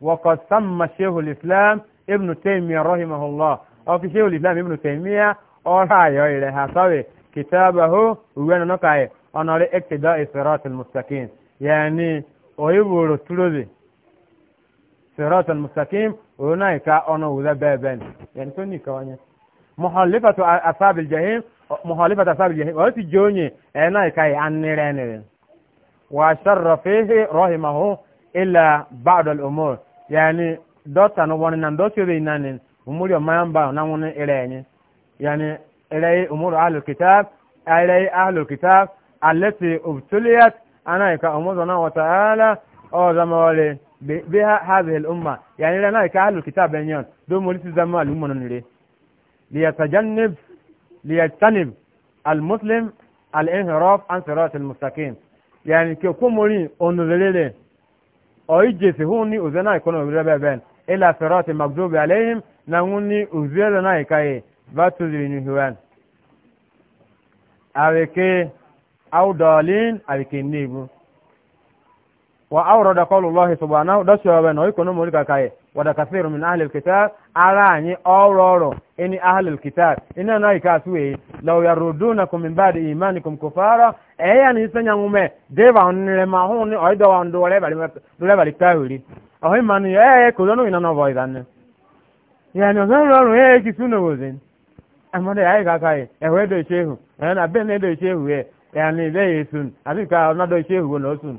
wọ́kọ̀ sàmà ṣehu islam ibnu taymi rahimahullah ọkì ṣehu islam ibnu taymi ọ̀rọ̀ ayọ̀ ilẹ̀ ha sọ́wẹ̀ kìtàbàhó ìwé ọ̀nà lọ́ka ọ̀nà rẹ̀ ẹ̀kẹ́dọ̀ ìfẹ̀rọ̀ tìlmùsàkín yẹ́nì òyìnbó rò túrọ̀dì صراط المستقيم هناك أنا وذا بابن يعني سني كوانيا مخالفة أصحاب الجحيم مخالفة أصحاب الجحيم وأنت جوني أنا كاي أنيرين وشر فيه رحمه إلا بعض الأمور يعني دوتا نوان نندوتي بينان أمور يوم ينبع نون إلين يعني إلي أمور أهل الكتاب إلي أهل الكتاب التي ابتليت أنا كأمور الله وتعالى أو زمولي بها هذه الأمة يعني لنا كأهل الكتاب بنيان دوم وليس زمان الأمة نري ليتجنب ليجتنب المسلم الانحراف عن صراط المستقيم يعني كي يكون مولين أنزلين أو يجيسي هوني أزنا يكونوا بربابين إلى صراط المغضوب عليهم نهوني أزيلنا يكاي باتوزيني هوان أبكي أو دالين أبكي نيبو wa awrada qawlu llahi subhanahu da shobe no ikono mo ka kaka wa da kathiru min ahli alkitab ara ni awroro ini ahli alkitab ina na ka suwe law yarudunakum min ba'di imanikum kufara e ya ni sanya ngume de ba onne ma hon ni oido wa ndo le bali le bali tawiri o hi manu e ko ina na void anne ya no zo ro e ki suno wozin amade ai kaka kai e we do chehu e na be ne do chehu e ya ni le yesun abi ka na do chehu no sun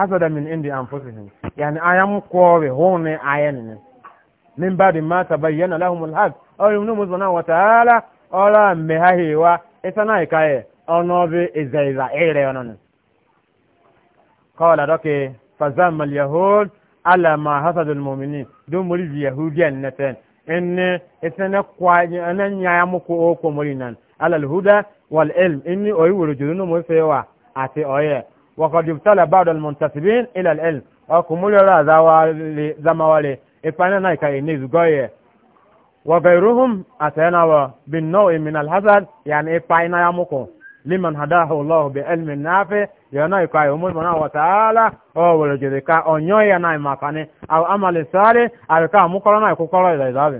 hasada min indi anfusihim yani ayam kowe hone ayen min badi ma tabayyana lahum alhaq aw yumnu muzana wa ta'ala ola mehahiwa isana ikaye onobi izaiza ere onon qala doke fazamma alyahud ala ma hasada almu'minin dum muri yahudiyan naten in isana kwa anan yamu ko ko muri nan ala alhuda wal ilm inni oyi wuro junu mo fewa ati oye وقد ابتلى بعض المنتسبين إلى العلم وكمل را زموالي إفانا نايكا إنيز غوية وغيرهم أتينا بالنوع من الحسد يعني إفانا يمكو liman hadahu allah bi ilmin nafi yana yuka yi umar mana wataala o wala jirika onyo ya na makane aw amali sare alika mukoro na ikukoro ida idabi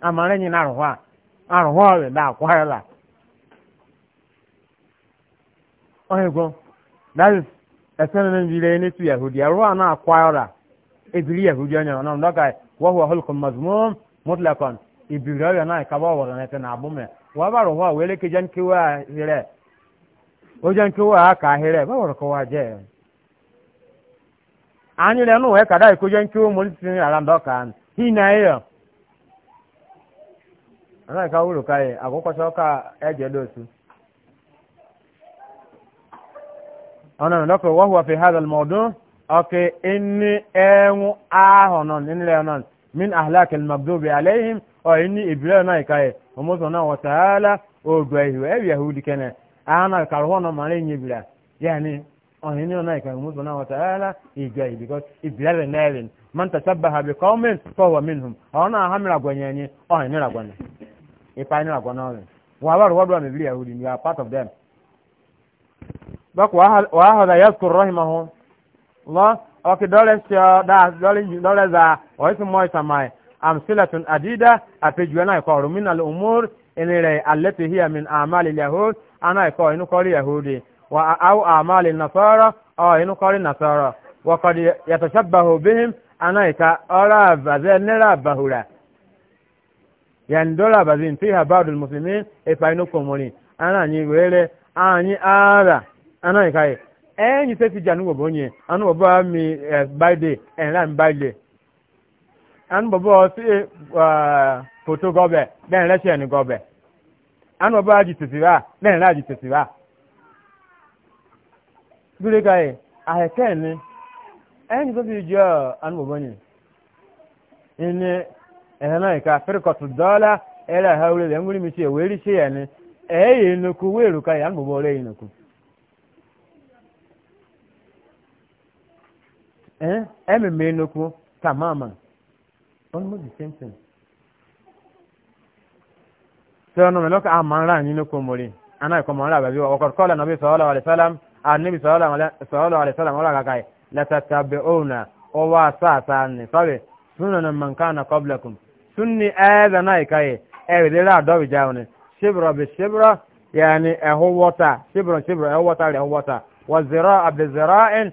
amare nyi na ruwa aruwa we da kwala that is ẹsẹ̀nìyàn jìlẹ̀ ní tu yahudi ẹ̀rọ àná àkwáyọ̀rà ìbírí yahudi ọ̀nyẹ̀ ọ̀nà ọ̀dọ́gà wọ́n wọ́n hulkùn mazmum mutlakon ìbírí ọ̀yọ̀ náà ìkàbọ̀ wọ̀rọ̀ náà ẹ̀sẹ̀ náà wọ́n bá rọ̀ wọ́n wẹ́lẹ́ kéjẹ́ nkíwá ahirẹ̀ ojú nkíwá aka ahirẹ̀ bá wọ̀rọ̀ kọ́wá jẹ́ ẹ̀. anyị rẹ̀ nù wẹ́ kàdá ìkójẹ́ nkíwá mọ́lítì ní ara ndọ́ka na أنا نقول وهو في هذا الموضوع أوكي إني أمو آهنون إني لأنون من أهلاك المغضوب عليهم أو إني إبلاء نايكاي ومسونا وتعالى أوغويه وإب يهودي كنا أنا كارهونا مالين يبلا يعني أهني نايكاي ومسونا وتعالى إيجاي because إبلاء نايلين من تشبه بقوم فهو منهم أنا أهم لغوانياني أهني لغوانا إبلاء لغوانا وعبر وضع مبلي يهودي you are part of them donc wahada يذكر رحمه الله أوكي دولة دا دولة دولة ذا واسم سماي ام أمثلة اديدا أتجونا يقول من الأمور إن التي هي من أعمال اليهود أنا يقول إنه قال يهودي أو أعمال النصارى أو إنه قال النصارى وقد يتشبه بهم أنا يتا أراب بذن راب هولا يعني دولة بذين فيها بعض المسلمين اي فاينو كومولين أنا ني نيقول أني آذا anaghị ka e, enyi sesi ji anụ onye anụ bọbọ ami e, baide enra mi baide anụ bọbọ si foto e, gọbẹ bẹẹ nrẹ sẹni gọbẹ anụ bọbọ aji sesi wa bẹẹ nrẹ aji sesi wa dúró ka yìí ni ji ẹni eh ememe nnukwu tamaman almost the same thing sai wani mai lokacin amma ran yi nnukwu muri ana ikon mara babi wa kwarkwala na bai sallallahu alaihi wasallam annabi sallallahu alaihi wasallam wala kakai la tattabi'una o wa sa sa ne sabe sunan man kana qablakum sunni ayda na kai e de la do bijawne shibra bi shibra yani e ho wata shibra shibra e ho wata re ho wata wa zira'a bi zira'in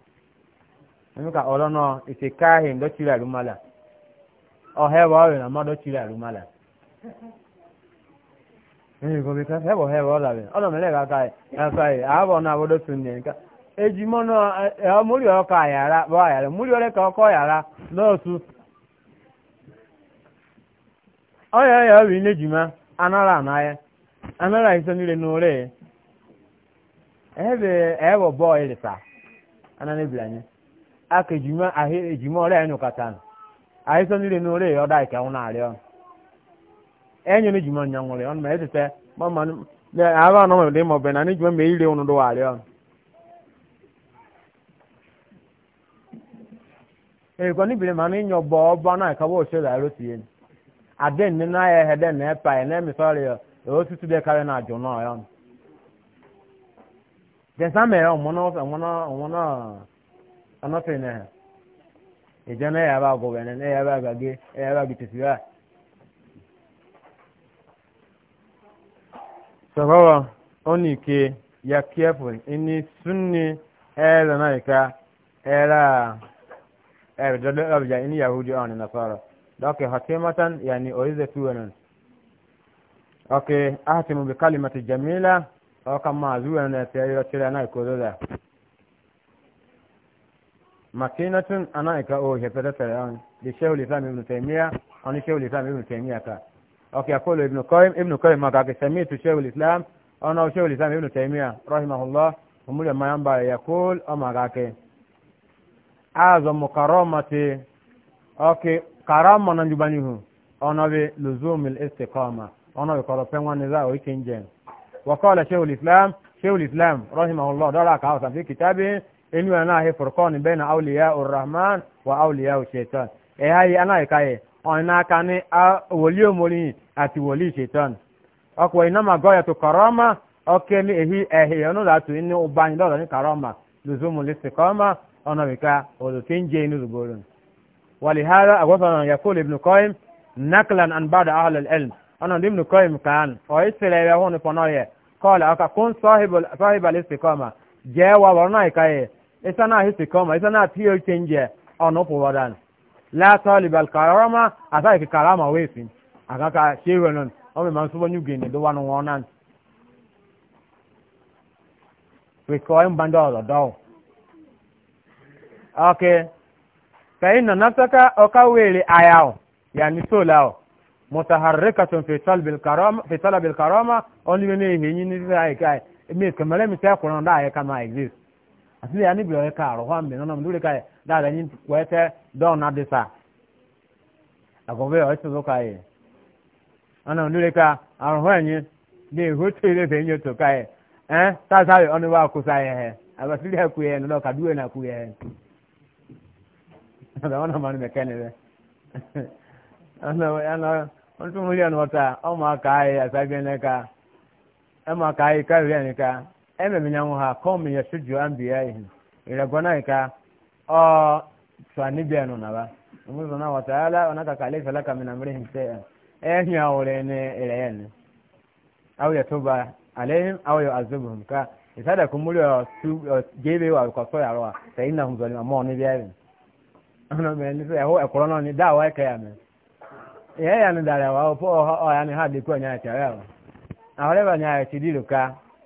ka ọlọ́nà ìsèká ahìm dọ́chiri àrùmálà ọ̀hẹ́wọ̀ ọ̀rìn àmọ́ dọ́chiri àrùmálà ẹnìkan bí kan hẹ́wọ̀ hẹ́wọ̀ ọ̀làwẹ̀ ọ̀nà mẹ́lẹ̀ kàkà ẹ̀ka ẹ̀ àbọ̀ náà wọ́dọ̀ tún ní ẹ̀ka èjì mọ́nà aka ejima ahi ejima ọrịa enyo katan ahi sọ nire n'ore ya ọda ike ọhụrụ arịọ enyo n'ejima nya nwere ọnụ ma etete mama ne aba ọnụ mebe ma e, na n'ejima ma ire ọnụ dọwa arịọ e n'ibiri ma n'inyo bọ ọba na adị nne na ya na epa ya na ọrịa ya e osisi dị karịa na ajụ mere anɔfɛ nɛ hɛ ìjọ náà yà bá gọbẹ nẹ ẹ yà bá gàgé ẹ yà bá gìtìtì wá. sọfọwọ ó ní ike ya careful ẹni sunni ẹ lọnà ìka ẹ rà ẹ rẹ dọdọ ọbìjà ẹni yahudi ọ̀nà nàfọ̀rọ̀ dọ́kẹ́ hàtẹ́mọ́tàn yà ní oríṣi tuwẹ̀ nù. ọkẹ́ ahàtìmọ̀ bí kálímọ̀tì jamila ọkà máa zuwẹ̀ nù ẹ̀ tẹ́ ẹ yọ tẹ́lẹ̀ náà ìkóró makinatun ana ka o oh, he pere pere on di shehu lislam ibn taymiya on shehu lislam ibn taymiya ka okay akolo ibn qayyim ibn qayyim ma ka sami tu shehu lislam ona shehu lislam ibn taymiya rahimahullah umule mayamba yakul o ma ka ke azam karamati okay karama na njubani hu ona be luzum al istiqama ona be koro penwa ni za o ikinje wa qala shehu lislam shehu lislam rahimahullah dara ka o sa fi kitabihi inu ana he furqan baina awliya ar-rahman wa awliya ash-shaytan e hayi ana ikaye e ona kani woli omori ati woli shaytan akwa ina magoya to karama okemi ehi ehi onu latu inu ubani do ni karama luzumu listiqama ona bika olutinje inu zugurun ولهذا أقول يقول ابن قيم نقلا عن بعض أهل العلم أنا ابن قيم كان ويسأل يهون فنايه قال أكون صاحب صاحب الاستقامة جاء وورناي كايه isa na hisi koma isa na tiyo chenje ono po wadan la talib al karama asa ki karama wesin aka ka shewe non o me mansubo nyu gene do wanu wonan we ko en bandolo do okay fa inna nafsaka okawili ayao yani solao mutaharrikatun fi talab al karama fi talab al karama on ni ne hinyi ni sai kai mi kamale mi sai ko non kama exist asile ya ni bi ɔyɛ ka ɔhɔ mbɛ nɔnɔ ndúwìrì kaa yɛ nyi na di sa agɔbɛ ɔyɛ soso kaa yɛ ɔnɔ ndúwìrì kaa ɔhɔ ɛnyi de ehu nye to kaa yɛ ɛn taasa yɛ ɔni wa ko sa yɛ hɛ abasili yɛ ku yɛ nɔnɔ na ku yɛ ɔnɔ mɛ kɛ ɔnɔ ɔnɔ yɛ ka eme minyanwu ha kom ya shuju ka ihin iragwana ika o twanibia na ba umu subhanahu ya ta'ala e wanaka kalifa laka min amrihim shay'an ehni awure ne ilayani aw yatuba alaihim aw yu'azibuhum ka isada kumuli o gebe wa ka. so yarwa fa innahum zalima mo ni ni ni ya ya nya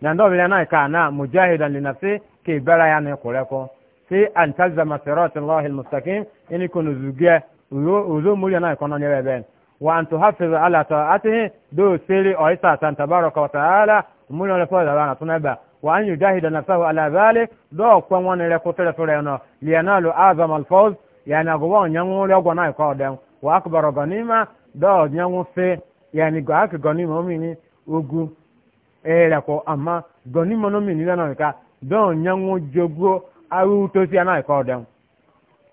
Nando ndo na nai kana mujahidan li nafsi ke bara ya ne kureko si an tazama siratal lahi almustaqim ini kunu zugia uzo muri nai kono nyere ben wa an tuhaffiz ala ta'atihi do siri o isa san tabaraka wa ta'ala muri wala fa bana tunaba wa an yujahida nafsahu ala dhalik do kwa wona re ko tere tere no li yanalu azama alfawz yani agwa nyangu le ogwa nai ko den wa akbar ganima do nyangu fe yani go ak ganima o mini ogun era ko amma goni mono mi ni na ka don nyanwo jogo awu to si ana e ko dan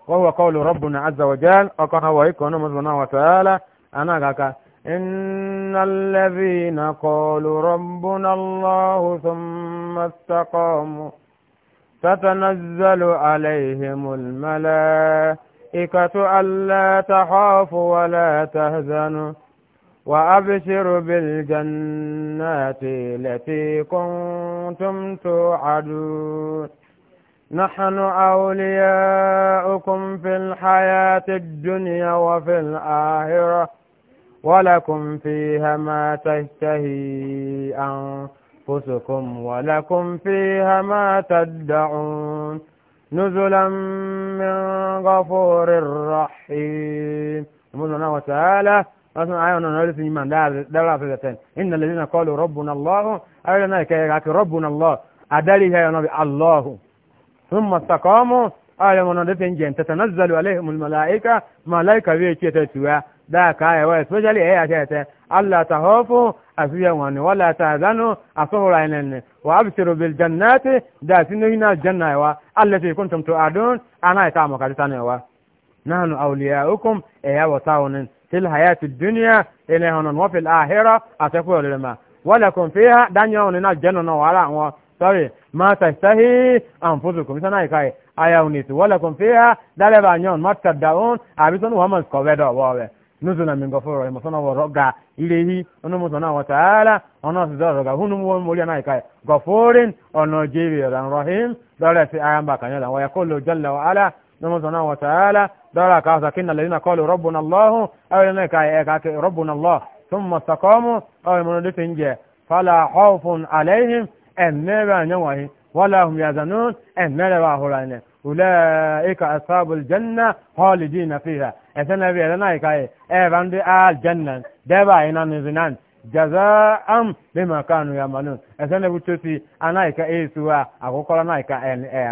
wa huwa qawlu rabbuna azza wa jal wa kana wa ikona mazuna wa ta'ala ana ga ka إن الذين قالوا ربنا الله ثم استقاموا تتنزل عليهم الملائكة ألا تخافوا ولا تهزنوا وأبشروا بالجنات التي كنتم توعدون نحن أولياؤكم في الحياة الدنيا وفي الآخرة ولكم فيها ما تشتهي أنفسكم ولكم فيها ما تدعون نزلا من غفور رحيم سبحانه وتعالى أصلا أيوة أنا نريد إيمان دار في إن الذين قالوا ربنا الله أيوة كي ربنا الله أدري يا نبي الله ثم استقاموا أيوة أنا نريد إنجين تتنزل عليهم الملائكة ملائكة بيكي تتوى ذاك أيوة especially هي أشياء ألا تخافوا أفيهم ولا تهزنوا أصهر عينين وأبشروا بالجنات ذات هنا الجنة التي كنتم توعدون أنا يتعمق لتنوى نحن أولياؤكم إياه وطاونين في الحياة الدنيا إليهن وفي الآخرة أتكوى لما ولكم فيها دانيون إن الجنة ولا sorry ما تشتهي أنفسكم سنة كاي أيونيت ولكم فيها دلب أنيون ما تدعون أبيتون وهم سكوبدا واوه نزلا من غفور رحيم سنة ورقا إليه أنه سنة وتعالى أنه سيدا رقا هنو مول مولي أنا كاي غفور أنه جيبي رحيم دولة في آيام باكا ويقول جل وعلا نمو سبحانه وتعالى دارا كاسا كنا الذين قالوا ربنا الله أو لنا كاي إيه ربنا الله ثم استقاموا أو من دفنجة فلا خوف عليهم أن نبا نوعه ولا هم يزنون أن نبا هلانه أولئك أصحاب الجنة خالدين فيها أثنى بي أثنى كاي أبان إيه دي آل جنة دبا إنا نزنان جزاء بما كانوا يعملون أثنى بتوتي أنا إيسوا إيه أقول أنا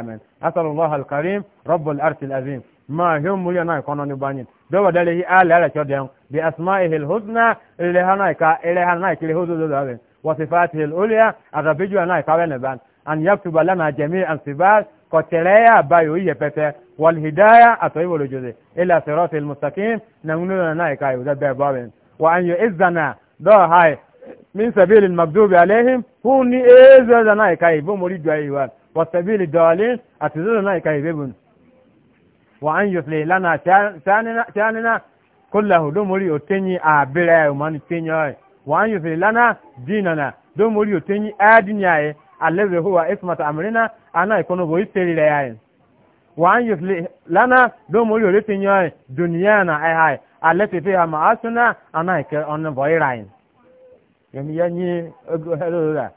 أمن أسأل الله الكريم رب الأرض العظيم ما هم مليانا يكونوا نبانين دو دليه آل على شدهم بأسمائه الحسنى إلى هناك إلى هناك لهذا وصفاته الأولية الأولى الربيج هناك ونبان أن يكتب لنا جميع الصفات قتليا بايوية بتا والهداية أطيب الوجود إلى صراط المستقيم نمنون هناك يذبع بابين وأن يؤذنا دو هاي من سبيل المكذوب عليهم هو ني إذا هناك يبو جايوان wasabili dalin ati zuru na ikai bebun wa an yufli lana tanina kullahu dumuri otenyi abira umani tenyo wa an yufli lana dinana dumuri otenyi adinyaye allazi huwa ismata amrina ana ikono bo isterire yaye wa an yufli lana dumuri otenyo dunyana ai hai allati fiha ana ike onan boyrain yemi yanyi ogo hello da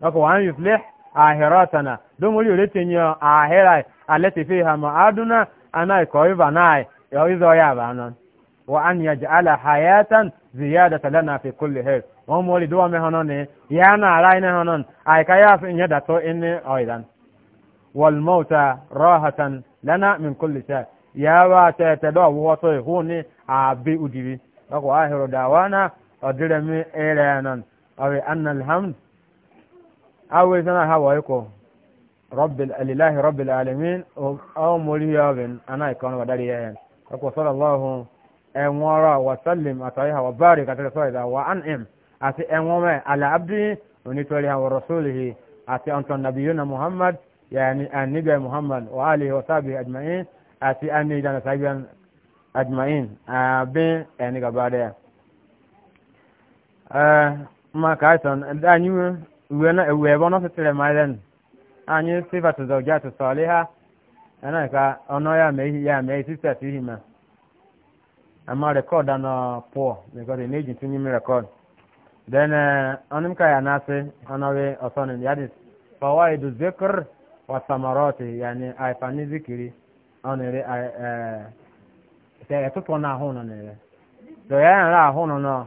wa ahiratana domori oretenyo ahira alati fiha ma'aduna ana ko ibanai yo izo ya banon wa an yaj'ala hayatan ziyadatan lana fi kulli khair wa mori do me honon ya na rai ne honon ay ka ya fi nyada to in oidan wal mauta rahatan lana min kulli shay ya wa ta ta do wo to e huni abi udibi ko ahiru dawana odiremi ere nan awi anna alhamd awai sana hawa ko rabbil alilahi rabbil alamin o muri yawin ana ikon wa dari yayin ko sallallahu en wara wa sallim ataiha wa barik ataka saida wa an'im ati en wama ala abdi oni tori ha wa rasulihi ati anton nabiyuna muhammad yani annabi muhammad wa alihi wa sahbihi ajma'in ati anni dana sahiban ajma'in abi en gaba da eh ma kaitan dan yiwu uwe na sitere malen anyị sifatu zaujatu saliha ana ka ọnọ ya mee ya mee sista tihi ma amma rekọd na pụọ because ị na-eji tinye eh, m rekọd then ọnụ ka ya na-asị ọnọwe ọsọnụ ya dị fawaidu zikr wa samarati yani aifani zikiri ọnụre ẹ ẹ ẹ tụtụ na ahụ nọ nere so ya nra ahụ nọ nọ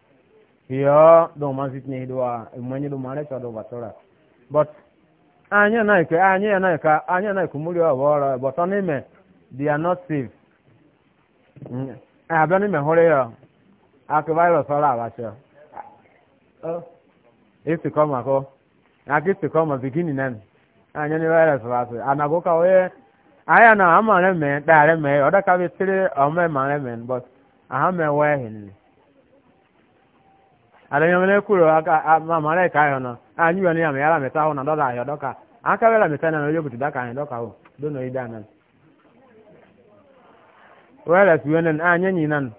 hiyo do masit ne hidwa mwenye do mare cha do batora but anya na ke anya na ka anya na ku muri wa wora but on ime, they are not safe mm abani me hore yo ak virus ora wa cha oh if to come ako akit to come beginning nan anya ni virus wa so anagoka we aya na amare me dare me oda ka bi tire o me mare me but aha me we hin alemyamene kulo mamalaika ayo no anyuwa ni yameyala meta ho na dola ayo doka akawela meta na yoyo kutidaka ayo doka ho dono idana a a anyanyi nan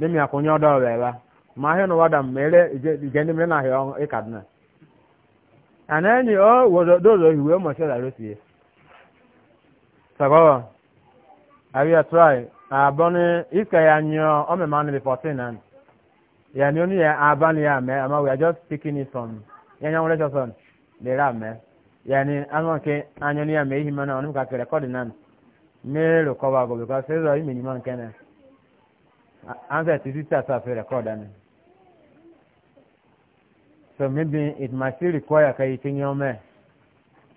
demi akonyo do beba ma he no wada mele na ayo ikadna e anani o wodo dozo hiwe mo se la rosie sabawa abiya try abone iska o 14 nan yẹn ni ó ní yẹn aba ni yẹn amẹ àmọ we are just picking it from Yeah, yẹn wọlé sọsọ lè ra amẹ Yeah, ni àwọn ke anyọ ni yẹn amẹ ehimẹ náà onímọ̀ kakẹ́ it náà mélòó kọ́ wa gò because ṣé sọ ìmì nyimọ̀ nkẹ́ náà answer ti sísè àtàfẹ́ rẹ́kọ́dì náà so maybe it might still require ka yìí ti yẹn ọmọ ẹ̀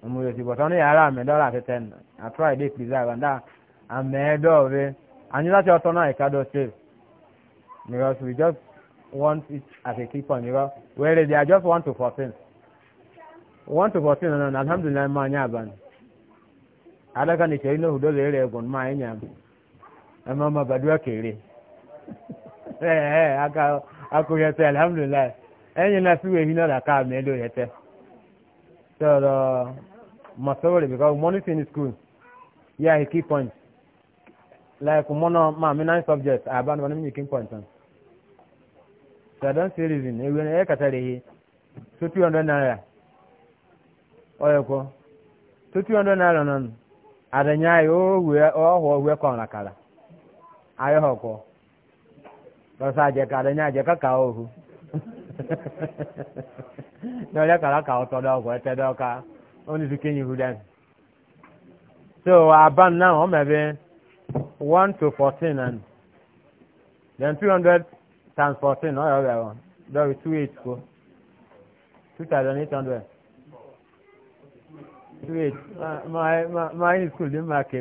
ọmọ yòó ti bọ̀ tọ́ ní yàrá amẹ dọ́là àti ten I try dey preserve and that amẹ dọ́ọ̀rẹ́ anyinlá ti ọtọ́ náà ìka dọ́ọ̀ save because we just want it as a keeper, you know, whereas they are just one to fourteen. One to 14, and, and alhamdulillah, man, yeah, man. Ada kan ìṣe inú òdó lè rẹ̀ ẹ̀gùn máa ń yàn ẹ máa ma gbàdúrà kéré ẹ ẹ akóyẹsẹ alhamdulilayi ẹyin náà sí wèhí náà làkà àmì ẹlò yẹtẹ sọ̀rọ̀ masọ́wọ́lẹ̀ because money thing is cool yeah he key point like mọ́nà máa mi nine subjects àbánu wọn ní mi kí n point. Huh? E so i don ewu na ya kachara ihe so 200 naira oyekwo so 200 naira nọ adịnya anyị ohue kọ na kala anyị họkwọ lọsọ ka ohu n'ọlẹ kala ka ọtọ dọ ọkọ ẹtẹ dọ ka so aban na wọn mẹbi one to fourteen and then 200. times fourteen ọ̀rọ̀ rẹ̀ wọn lórí two eight kó two thousand eight hundred two eight my my my school dey mark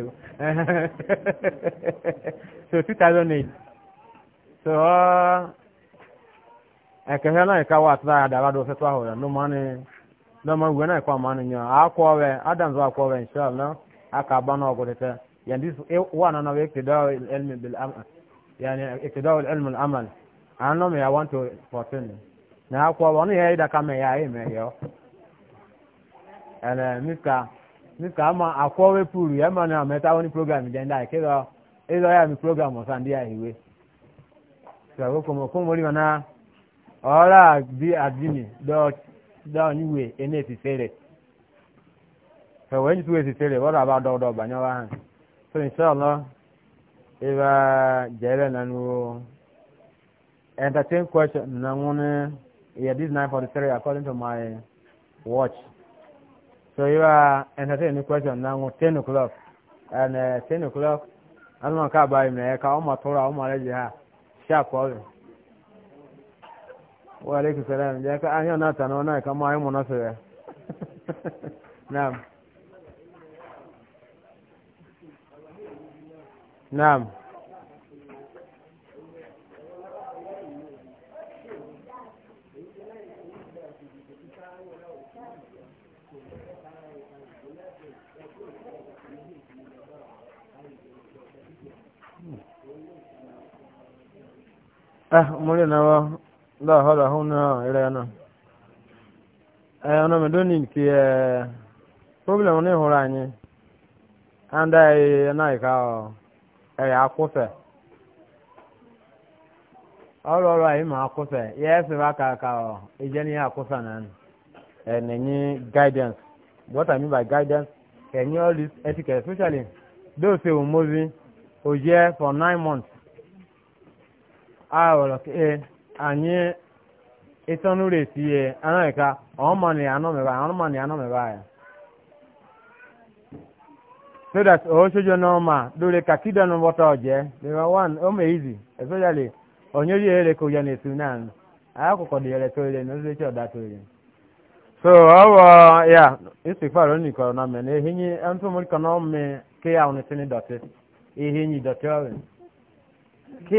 so two thousand eight so ẹ̀kẹ́fẹ́ náà ìka wà tó dára dára dó fẹ́ tó àwòrán ló máa ní náà àmọ́ ọ̀rẹ́ adams wà kọ́ ọ̀rẹ́ ìṣọ́ àná àkàbá náà ọkọ̀ tẹ́tẹ́ yẹn wà nánà wẹ́ ìkìdọ́ ẹ̀lmì bìlì yẹn ìkìdọ́ ẹ̀lmì ni. anọ m ya 1 to 14 na akwọ ọ nụghị ịda ka ya ime ya ele miska miska ama akwọ wepụrụ ya mana ameta program je ndị ike ịdọ ya mi program ọsa ndị iwe so wo komo komo ri mana bi adini dọ dọ niwe ene so when you what about banyawa so inshallah entertain question na ngone yeah this 943 according to my watch so you are entertaining question na ngo 10 o'clock and uh, 10 o'clock I don't know ba im na ka o ma tora o ma leje ha sha ko le wa alaikum salam ja ka an yana ta na ka ma mu na se na'am na'am ah mori na wa da hada huna ire na eh ona me doni ki eh problem ni hora anyi and i e, na e eh, e ka o e ya kufe all ọrụ anyị ma akwụsị ya esi aka aka ọ ije n'ihe akwụsị na na-enye eh, guidance what i mean by guidance enye all this etiquette especially those who mozi oje for nine months awọrọ ke anyị ịtọnụrụ esi ihe, ye anaghịka ya anọ mebe ọmọnị anọ mebe ya so that osojo n'ọma lórí kakida na wọta ọjẹ number e, one ọmọ easy especially onye onyeri ere ko ya na-esu naanị akụkọ dị ere toire na ozuzo ọda toire so ọ ọwọ ya istighfar ni kọrọ na mene ehinyi ntụmụrụ kọ n'ọmị ke ya ọnụ sini dọtị ehinyi dọtị ọrịa ke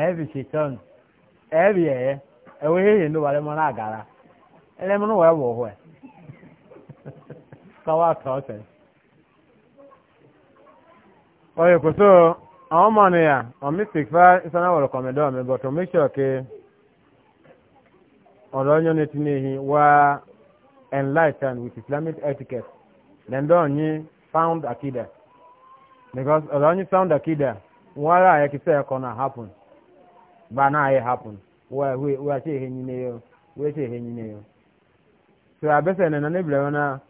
ẹ̀ẹ́bì ṣetán ẹ̀ẹ́bì ẹ̀yẹ ẹ̀wọ́ yéèyè ní wàlẹ́ agara náà gàrà ẹlẹ́mú ní wàá wọ̀ ọ̀họ́ ẹ̀ so ọmọ nìyà ọ̀mí sì fẹ́ ìsaná wọ̀rọ̀ kọ̀mẹ́dọ̀ mi bọ̀tọ̀ mi sọ̀ ké ọ̀rọ̀ ọ̀nyọ́ ní tinyehi enlightened with islamic etiquette lẹ́ndọ̀ ọ̀nyi found akida because ọ̀rọ̀ found akida wọ́n ara àyẹ̀kísẹ́ ẹ̀kọ́ na happen. ba na ayi happen ihe nyine yo wa ihe nyine yo so abese na na bla na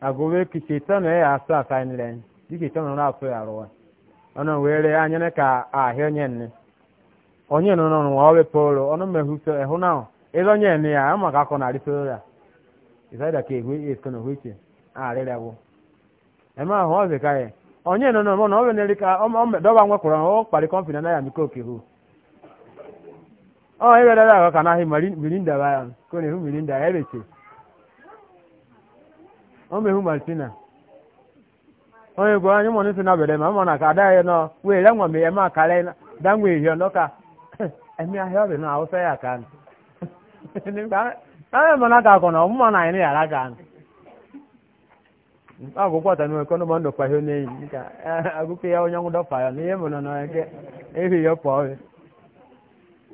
agobe ki shetan e asa ka nle di shetan na aso ya ro wee were anya ka ahịa onye nne onye no no polo ọnụ mehu so e huna ya maka na a onye nọ n'ọmọ na ọ wenere ka dọba nwa kwụrụ ọ kpari kọmpini anaghị amị koke hụ ọ ewere ahụ ka naghị mirinda ya ka ọ na-ehu mirinda ya ebeche ọ mehu martina onye gwa anyị mọnụ si na bere ma nọ wee re nwa ahịa na awụsa ya ka anyị mana ka akọ na ọmụma na anyị na ka agụkwata na ekọ nọmba ndọpa ihe onye ka ya onye ya na na ehi pụọ ọrịa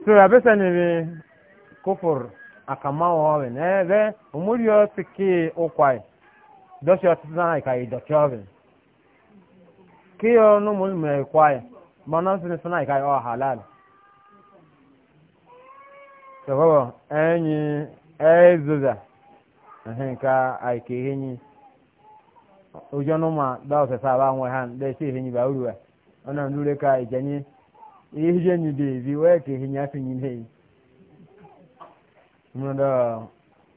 so abịasa nyere kụfụrụ ọrịa ebe omori ya ụkwa dọsi ọtụtụ na ka kee ọnụ mụrụ ya ma na nsị na ka ọ ka ojo no ma da o se sa ha nwe han de si uruwa ona ndure ka ijenyi ihe nyi de bi we ke hinya fi nyi ne mun da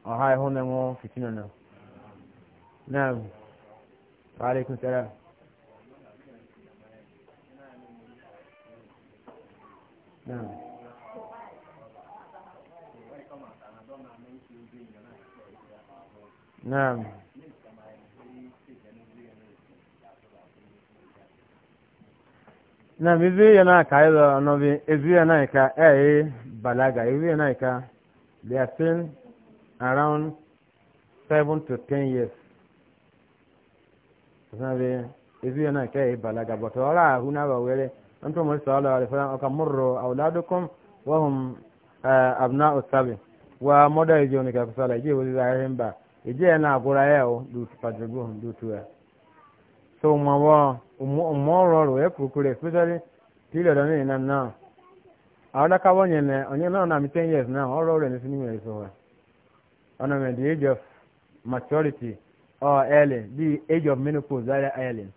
o hai hone mo fitina na na alaikum salam na Naam. na mizi yana ka yi da nobi izu yana ka eh, eh balaga izu yana ka they are still around seven to ten years sabe izu yana ka eh balaga but ora huna ba were an to mu sallallahu uh, alaihi wasallam aka murru auladukum wa hum uh, abna'u sabi wa moda ijo ni ka sala je wo zahin eh, ba ije na agura yao eh, oh, du padugo du tuwa so ma wa umoro ro e kukure especially period on in and now awda ka wonye ne onye na na mi 10 years now oro ro ni sini me so ona me the age of maturity or early the age of menopause very early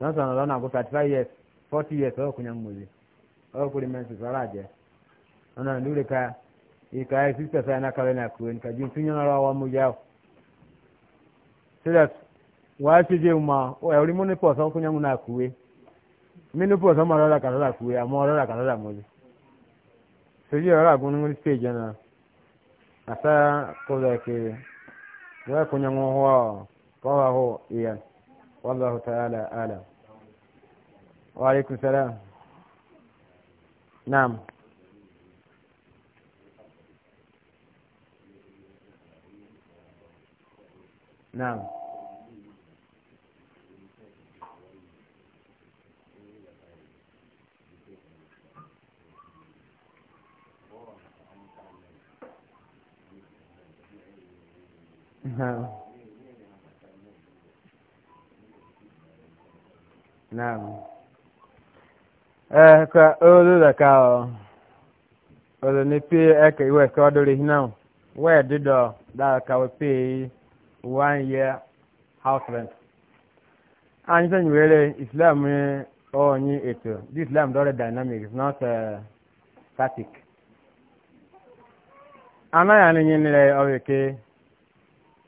na so na na go 35 years 40 years o kunya muzi o kuri men si saraje ona ndure ka i e ka e sister sa na ka na ku en ka that wacije ma ori muni po so kunya muna kuwe mini po so marara karara kuwe ama orara karara moji seji orara gunu muri stage na asa ko da ke wa kunya ngo ho ko wa ho iya wallahu ta'ala ala wa alaikum salam na'am نعم Naam. Eh ka olu da ka o. Olu ni pe e ka iwe ka odori hina. We dido da ka we pay one year house rent. Anyi tan wele Islam o ni eto. This Islam dore dynamic is not uh, static. Ana ya ni ni ke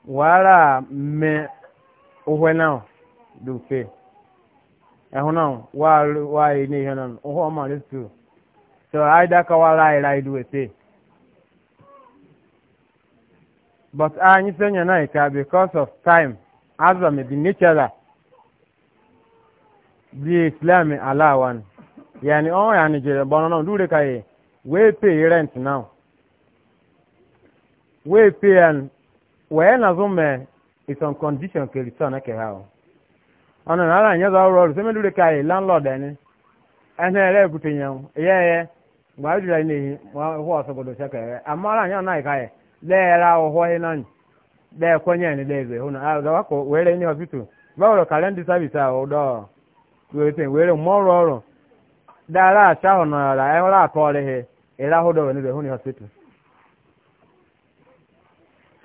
wàhálà mẹ òhwẹ náà dùfẹ ẹhùn náà wà wà yìí ní ìhẹ náà òhwẹ ọmọ rẹ tù sọ àìdáka wà láì láì dùwẹ tẹ but anyị senya na ika because of time azam ebi nechara bi islam alawan yani ọ ya nijere gbọnọ náà lure ka ye wey pay rent now wey pay and wee na-azụ mee isom kọndishọn ka return ke ha ọnụ na ala anyeza ọrụ ọrụ semedure ka anyị landlord anyị ẹnẹ ẹrẹ ekute yẹn ẹyẹ ẹyẹ gba ẹdùrà yìí nìyí wọn hó ọsọgbọdọ sẹkẹ ẹrẹ àmọ ala anyá náà ẹka yẹ lẹẹrẹ ahọhọ yìí náà lẹẹ kọnyẹ ẹni lẹẹ ẹgbẹ service à ọdọ wẹrẹ wẹrẹ mọ́ọ̀rọ̀ ọ̀rọ̀ dára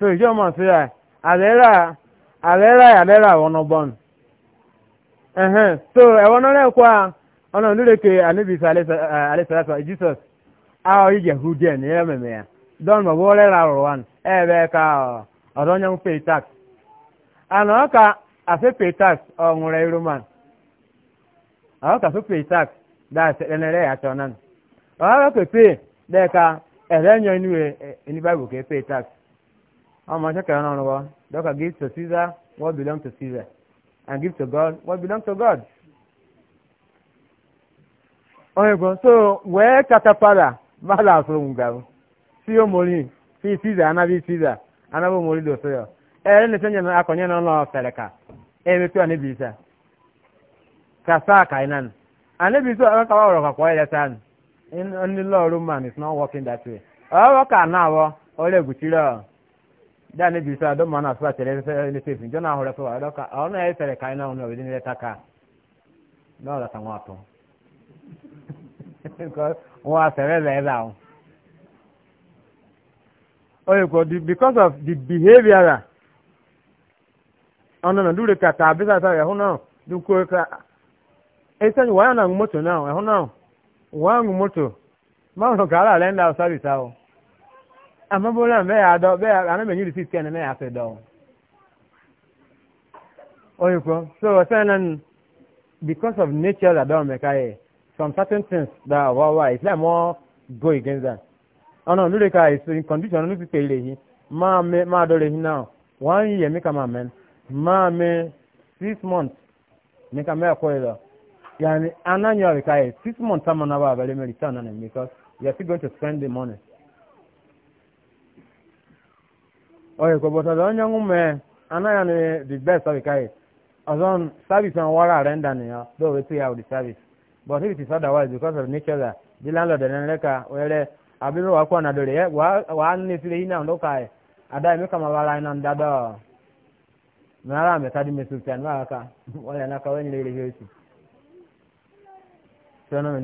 so ìjọ mọ̀ sí alera alera àlẹ́rà àlẹ́rà àwọn ọgbọ́n ẹ̀hẹ́n so ẹ̀wọ̀n náà lẹ́kọ́ à ọ̀nà olúreke àníbìsọ alẹ́sàlẹ́sà jesus àwọn ìjẹ̀hu díẹ̀ ní ẹ̀mẹ̀mẹ̀ yẹn dọ́n mọ̀ bó lẹ́rà ọ̀rọ̀ wa ẹ̀ bẹ́ẹ̀ ka ọ̀dọ́ nyẹ́ ń pay tax àná ọ̀ka àfi pay tax roman ọ̀ka fi pay tax dáa pay e e, e, pay tax Amma shaka yana ruwa, daga give to Caesar what belongs to Caesar, and give to God what belongs to God. Oyinbo so wee katapara mala asụrụ ngwa si omori si Caesar be Caesar anabi omori dị ụsọ ya. Ee na-efe nye akọnye n'ụlọ Sereka emepe anabi Isa. Kasa kainan. Anabi Isa ọ kawa ọrụ kakwa ya tan. Ndị lọọrụ man is not working that way. Ọ ka na-awọ ọrụ egwuchiri ọ. da ne bisa don mana su tere sai ne sai fin jona hore so a doka a wannan yayi tere kai na wannan bidin da taka na da san wato ko wa tere da da o ko because of the behavior ona na dure ka ta bisa ta ya huno du ko ka e san wa na moto na e huno wa moto ma no kala lenda service ao ah, oh. ama bolo mbe ya do be ana me nyiri sisi ene ya se do so ko so sanan because of nature that don't make i some certain things that wow wow like more go against that ana lure ka is in condition no people le hi ma me ma do le hi now one year make am men ma me six months make am ko ilo yani ananyo ka six months am na ba ba le me return na because you are still going to spend the money oye ko bota don yangu me ana ya ni the best of kai e. azon service and wara render ni ya do we see how the service but if it is otherwise because of nature that the landlord and leka wele abiru wa kwa na dole ye eh, wa wa ni sile ina ndo kai e. ada mi kama wala ina ndada mara me tadi me sultan wa ka wala na ka wenye ile hiyo so no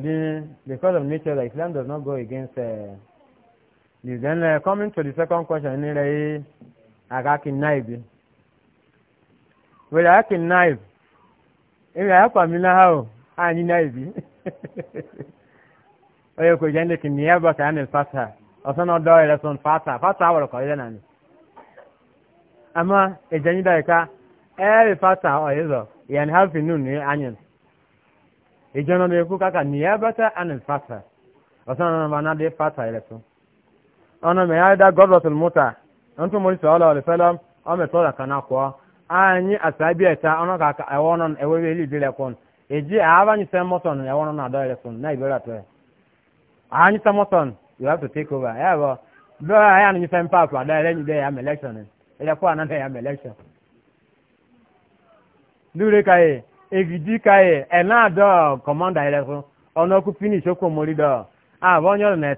because of nature that islam does not go against uh, Then uh, coming to the second question, nire agaki knife. Whether I can knife, if I have a mina how, I need knife. Oyo ko jende kin niyaba ka ane fata. Osan o doye la son fata. Fata awal ko yena Ama e jende da ka e fata o yezo. Yani hafi nun ni anyen. E jende da ku kaka niyaba ta ane fata. Osan na na de fata ọnụ mẹ̀ ayé dá gọ́dọ̀tún múta ọ̀n tó mọ̀rí sọ̀rọ̀ ọ̀rẹ́ fẹ́lẹ́ ọmọ ìtọ́ra anyi asabi ẹ̀ta ọ̀nà kàkà ẹ̀wọ́ nọ ẹ̀wọ́ ìwé ilé ìbílẹ̀ eji èjì àbáyé sẹ́ mọ́tọ̀n ẹ̀wọ́ nọ na ẹ̀rẹ́ fún náà ìbílẹ̀ tọ́ you have to take over ẹ̀ bọ̀ bẹ́ẹ̀ ayé àni sẹ́ mpaapu àdá ẹ̀rẹ́ nyi dẹ́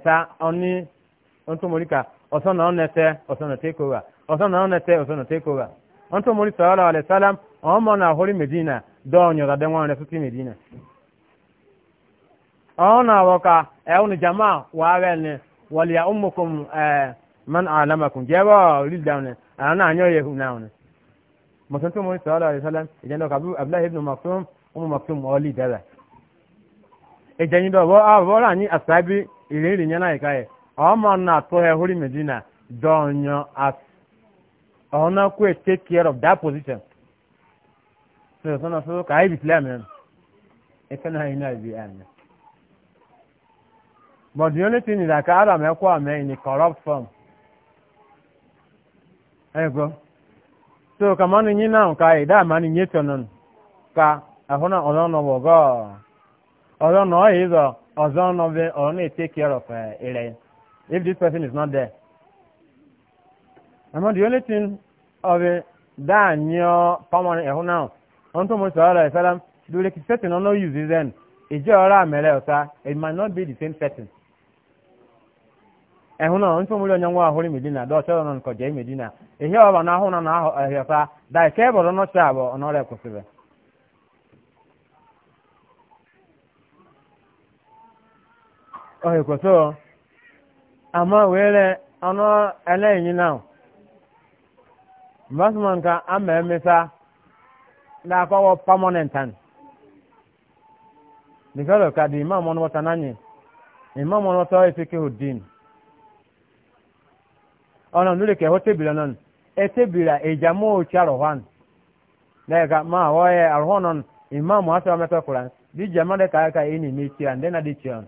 yà finish onto mori ka na onete na na na take over onto mori sallallahu alaihi wasallam na hori medina dọọ onyo da de wonre suti medina ona woka na jamaa wa welne ya ummukum eh, man alamakum jaba yehu ka abdullah ibn dada a ọmọ náà tó ẹ hórí medina dọ̀ọ̀yàn as ọ̀nà kó e take care of that position so ka sọ́nà kà áyè bìtìlẹ̀ mi ẹ̀fẹ́ náà yìí náà bí ẹ̀mí. but the only thing is that adam ẹ̀kọ́ àmì in a corrupt form ẹ̀ e so kàmá ni yín náà ká ìdá àmà ni yín tọ̀nà ká ẹ̀hún náà ọ̀nà wọ̀gọ́ ọ̀nà ọ̀yẹ́ ìzọ̀ ọ̀zọ́ ọ̀nà na take care of ẹ̀rẹ́ eh, yẹn. if this person is not there. Among the only thing of a dan your permanent ehun now, unto Musa Allah Salam, do like setting or no then. Ije mere it might not be the same setting. Ehun náà, ntọ́ mu lé Medina, dọ́ ọ̀chọ́ ọ̀nà Medina. Ihe na ahụ na na ahịa ọta, da ike bọrọ n'ọchị abụọ, ọ n'ọrịa kwụsịrị. Ọ amma were ọnụ elenyi na investment ka ama emesa na akọwọ permanent an dikọrọ ka dị imam ọnụ wọta n'anyị imam ọnụ wọta efike hudin ọnụ ndụrụ ka ịhụ bila nọ etebira ejamu ochi arụhwan daga ma wọye arụhwan nọ imam asọ metọ kwara dị jama dị ka aka enyi n'echi a ndị na dị chi ọnụ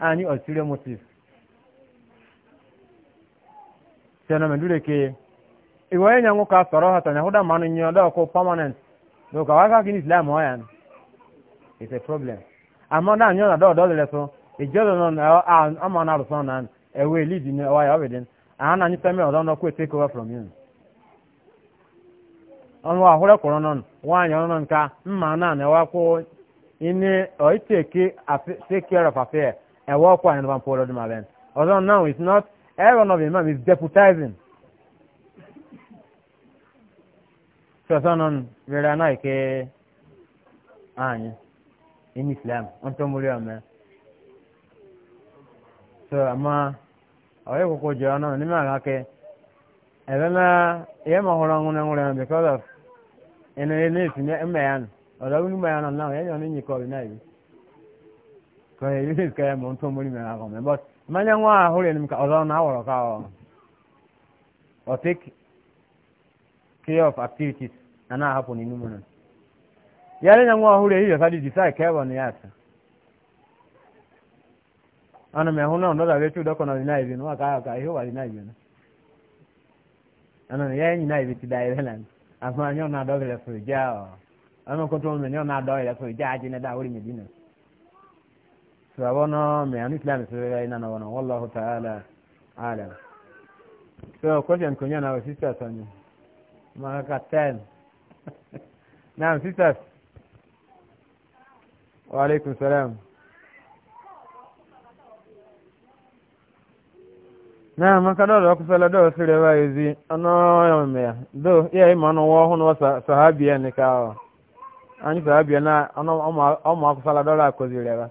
any ulterior motive tena mendule ke ka soro hata na huda manu nyoda ko permanent do ka waka kini islam oyan it's a problem ama na nyoda do do le so e jodo no e, na ruso na e we lead ni e, wa ya obedin ana ni teme odo no ko e take over from you ọnụ ahụrụ kwụrụ nọ nwaanyị ọnụ nka mma na na ịnị take care of ɛwɔ walk ayɛ no ban pɔɔlɔ duma bɛn although now it's not everyone of them is deputizing sɔsɔ nɔn rira náà ike anyi in islam wọn tó múlẹ ọmọ so àmọ ọyọ kókó jẹ ọ náà ní màá kàkẹ ẹbẹ mẹ ìyẹn mọ ọhúnrọ ńwúrẹ ńwúrẹ náà because of ẹnu ẹni ìsìn ẹmẹ yẹn ọdọ wíwú mẹ yẹn náà ẹyẹ ọ ní nyìkọ ọbẹ náà yìí kan yi yusuf kaya mo to muri me na ko me but manya wa hore ni ka ozo na woro ka o o take care of activities ana hapo ni numu na yale nya wa hore hiyo sadi decide kaya wa ni yasa ana me hona ndo da wetu da kona lina hivi no ka ka hiyo wa lina hivi ana ya ni na hivi tidai lelan ama nyona dogele fujao ama kontrol me nyona dogele fujao jina da hore medina sababono me an islam sirra ina na wana wallahu ta'ala alam so question kunya na sister sanya maka ten naam sisters wa alaikum salam na maka dole ku sala do sire wa yizi ano yamme do iya ima no wo hono sahabiya ne ka anyi sahabiya na ano o ma o ma ku sala dole ko zire ba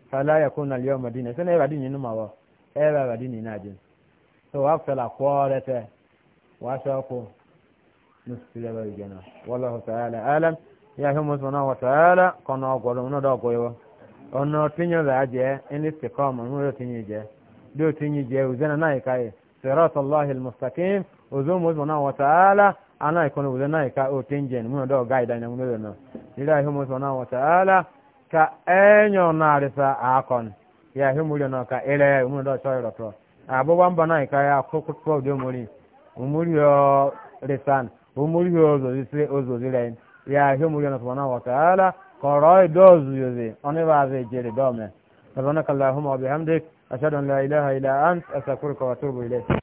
fala yakuna al-yawma dinan sene ba dinin ma ba e ba ba dinin na jin so wa fala qorata wa shaqu nusila ba jana wallahu ta'ala alam ya hu musbana wa ta'ala kono golo no do goyo ono tinyo da je in istiqama no do tinyo je do tinyo je uzana na kai sirat allah al-mustaqim uzum musbana wa ta'ala ana ikono uzana ka o tinjen no do gaida na no do no ila hu musbana wa ta'ala ka enyo na arisa akon ya hi muri no ka ele mu do so to abo wan bana ka ya ko ko ko de muri umuri yo resan umuri yo zo ise ozo zile ya hi muri no subhanahu wa ta'ala qoroi dozu yoze oni ba ze jere dome subhanakallahumma wa bihamdik ashhadu an la ilaha illa ant astaghfiruka wa atubu ilayk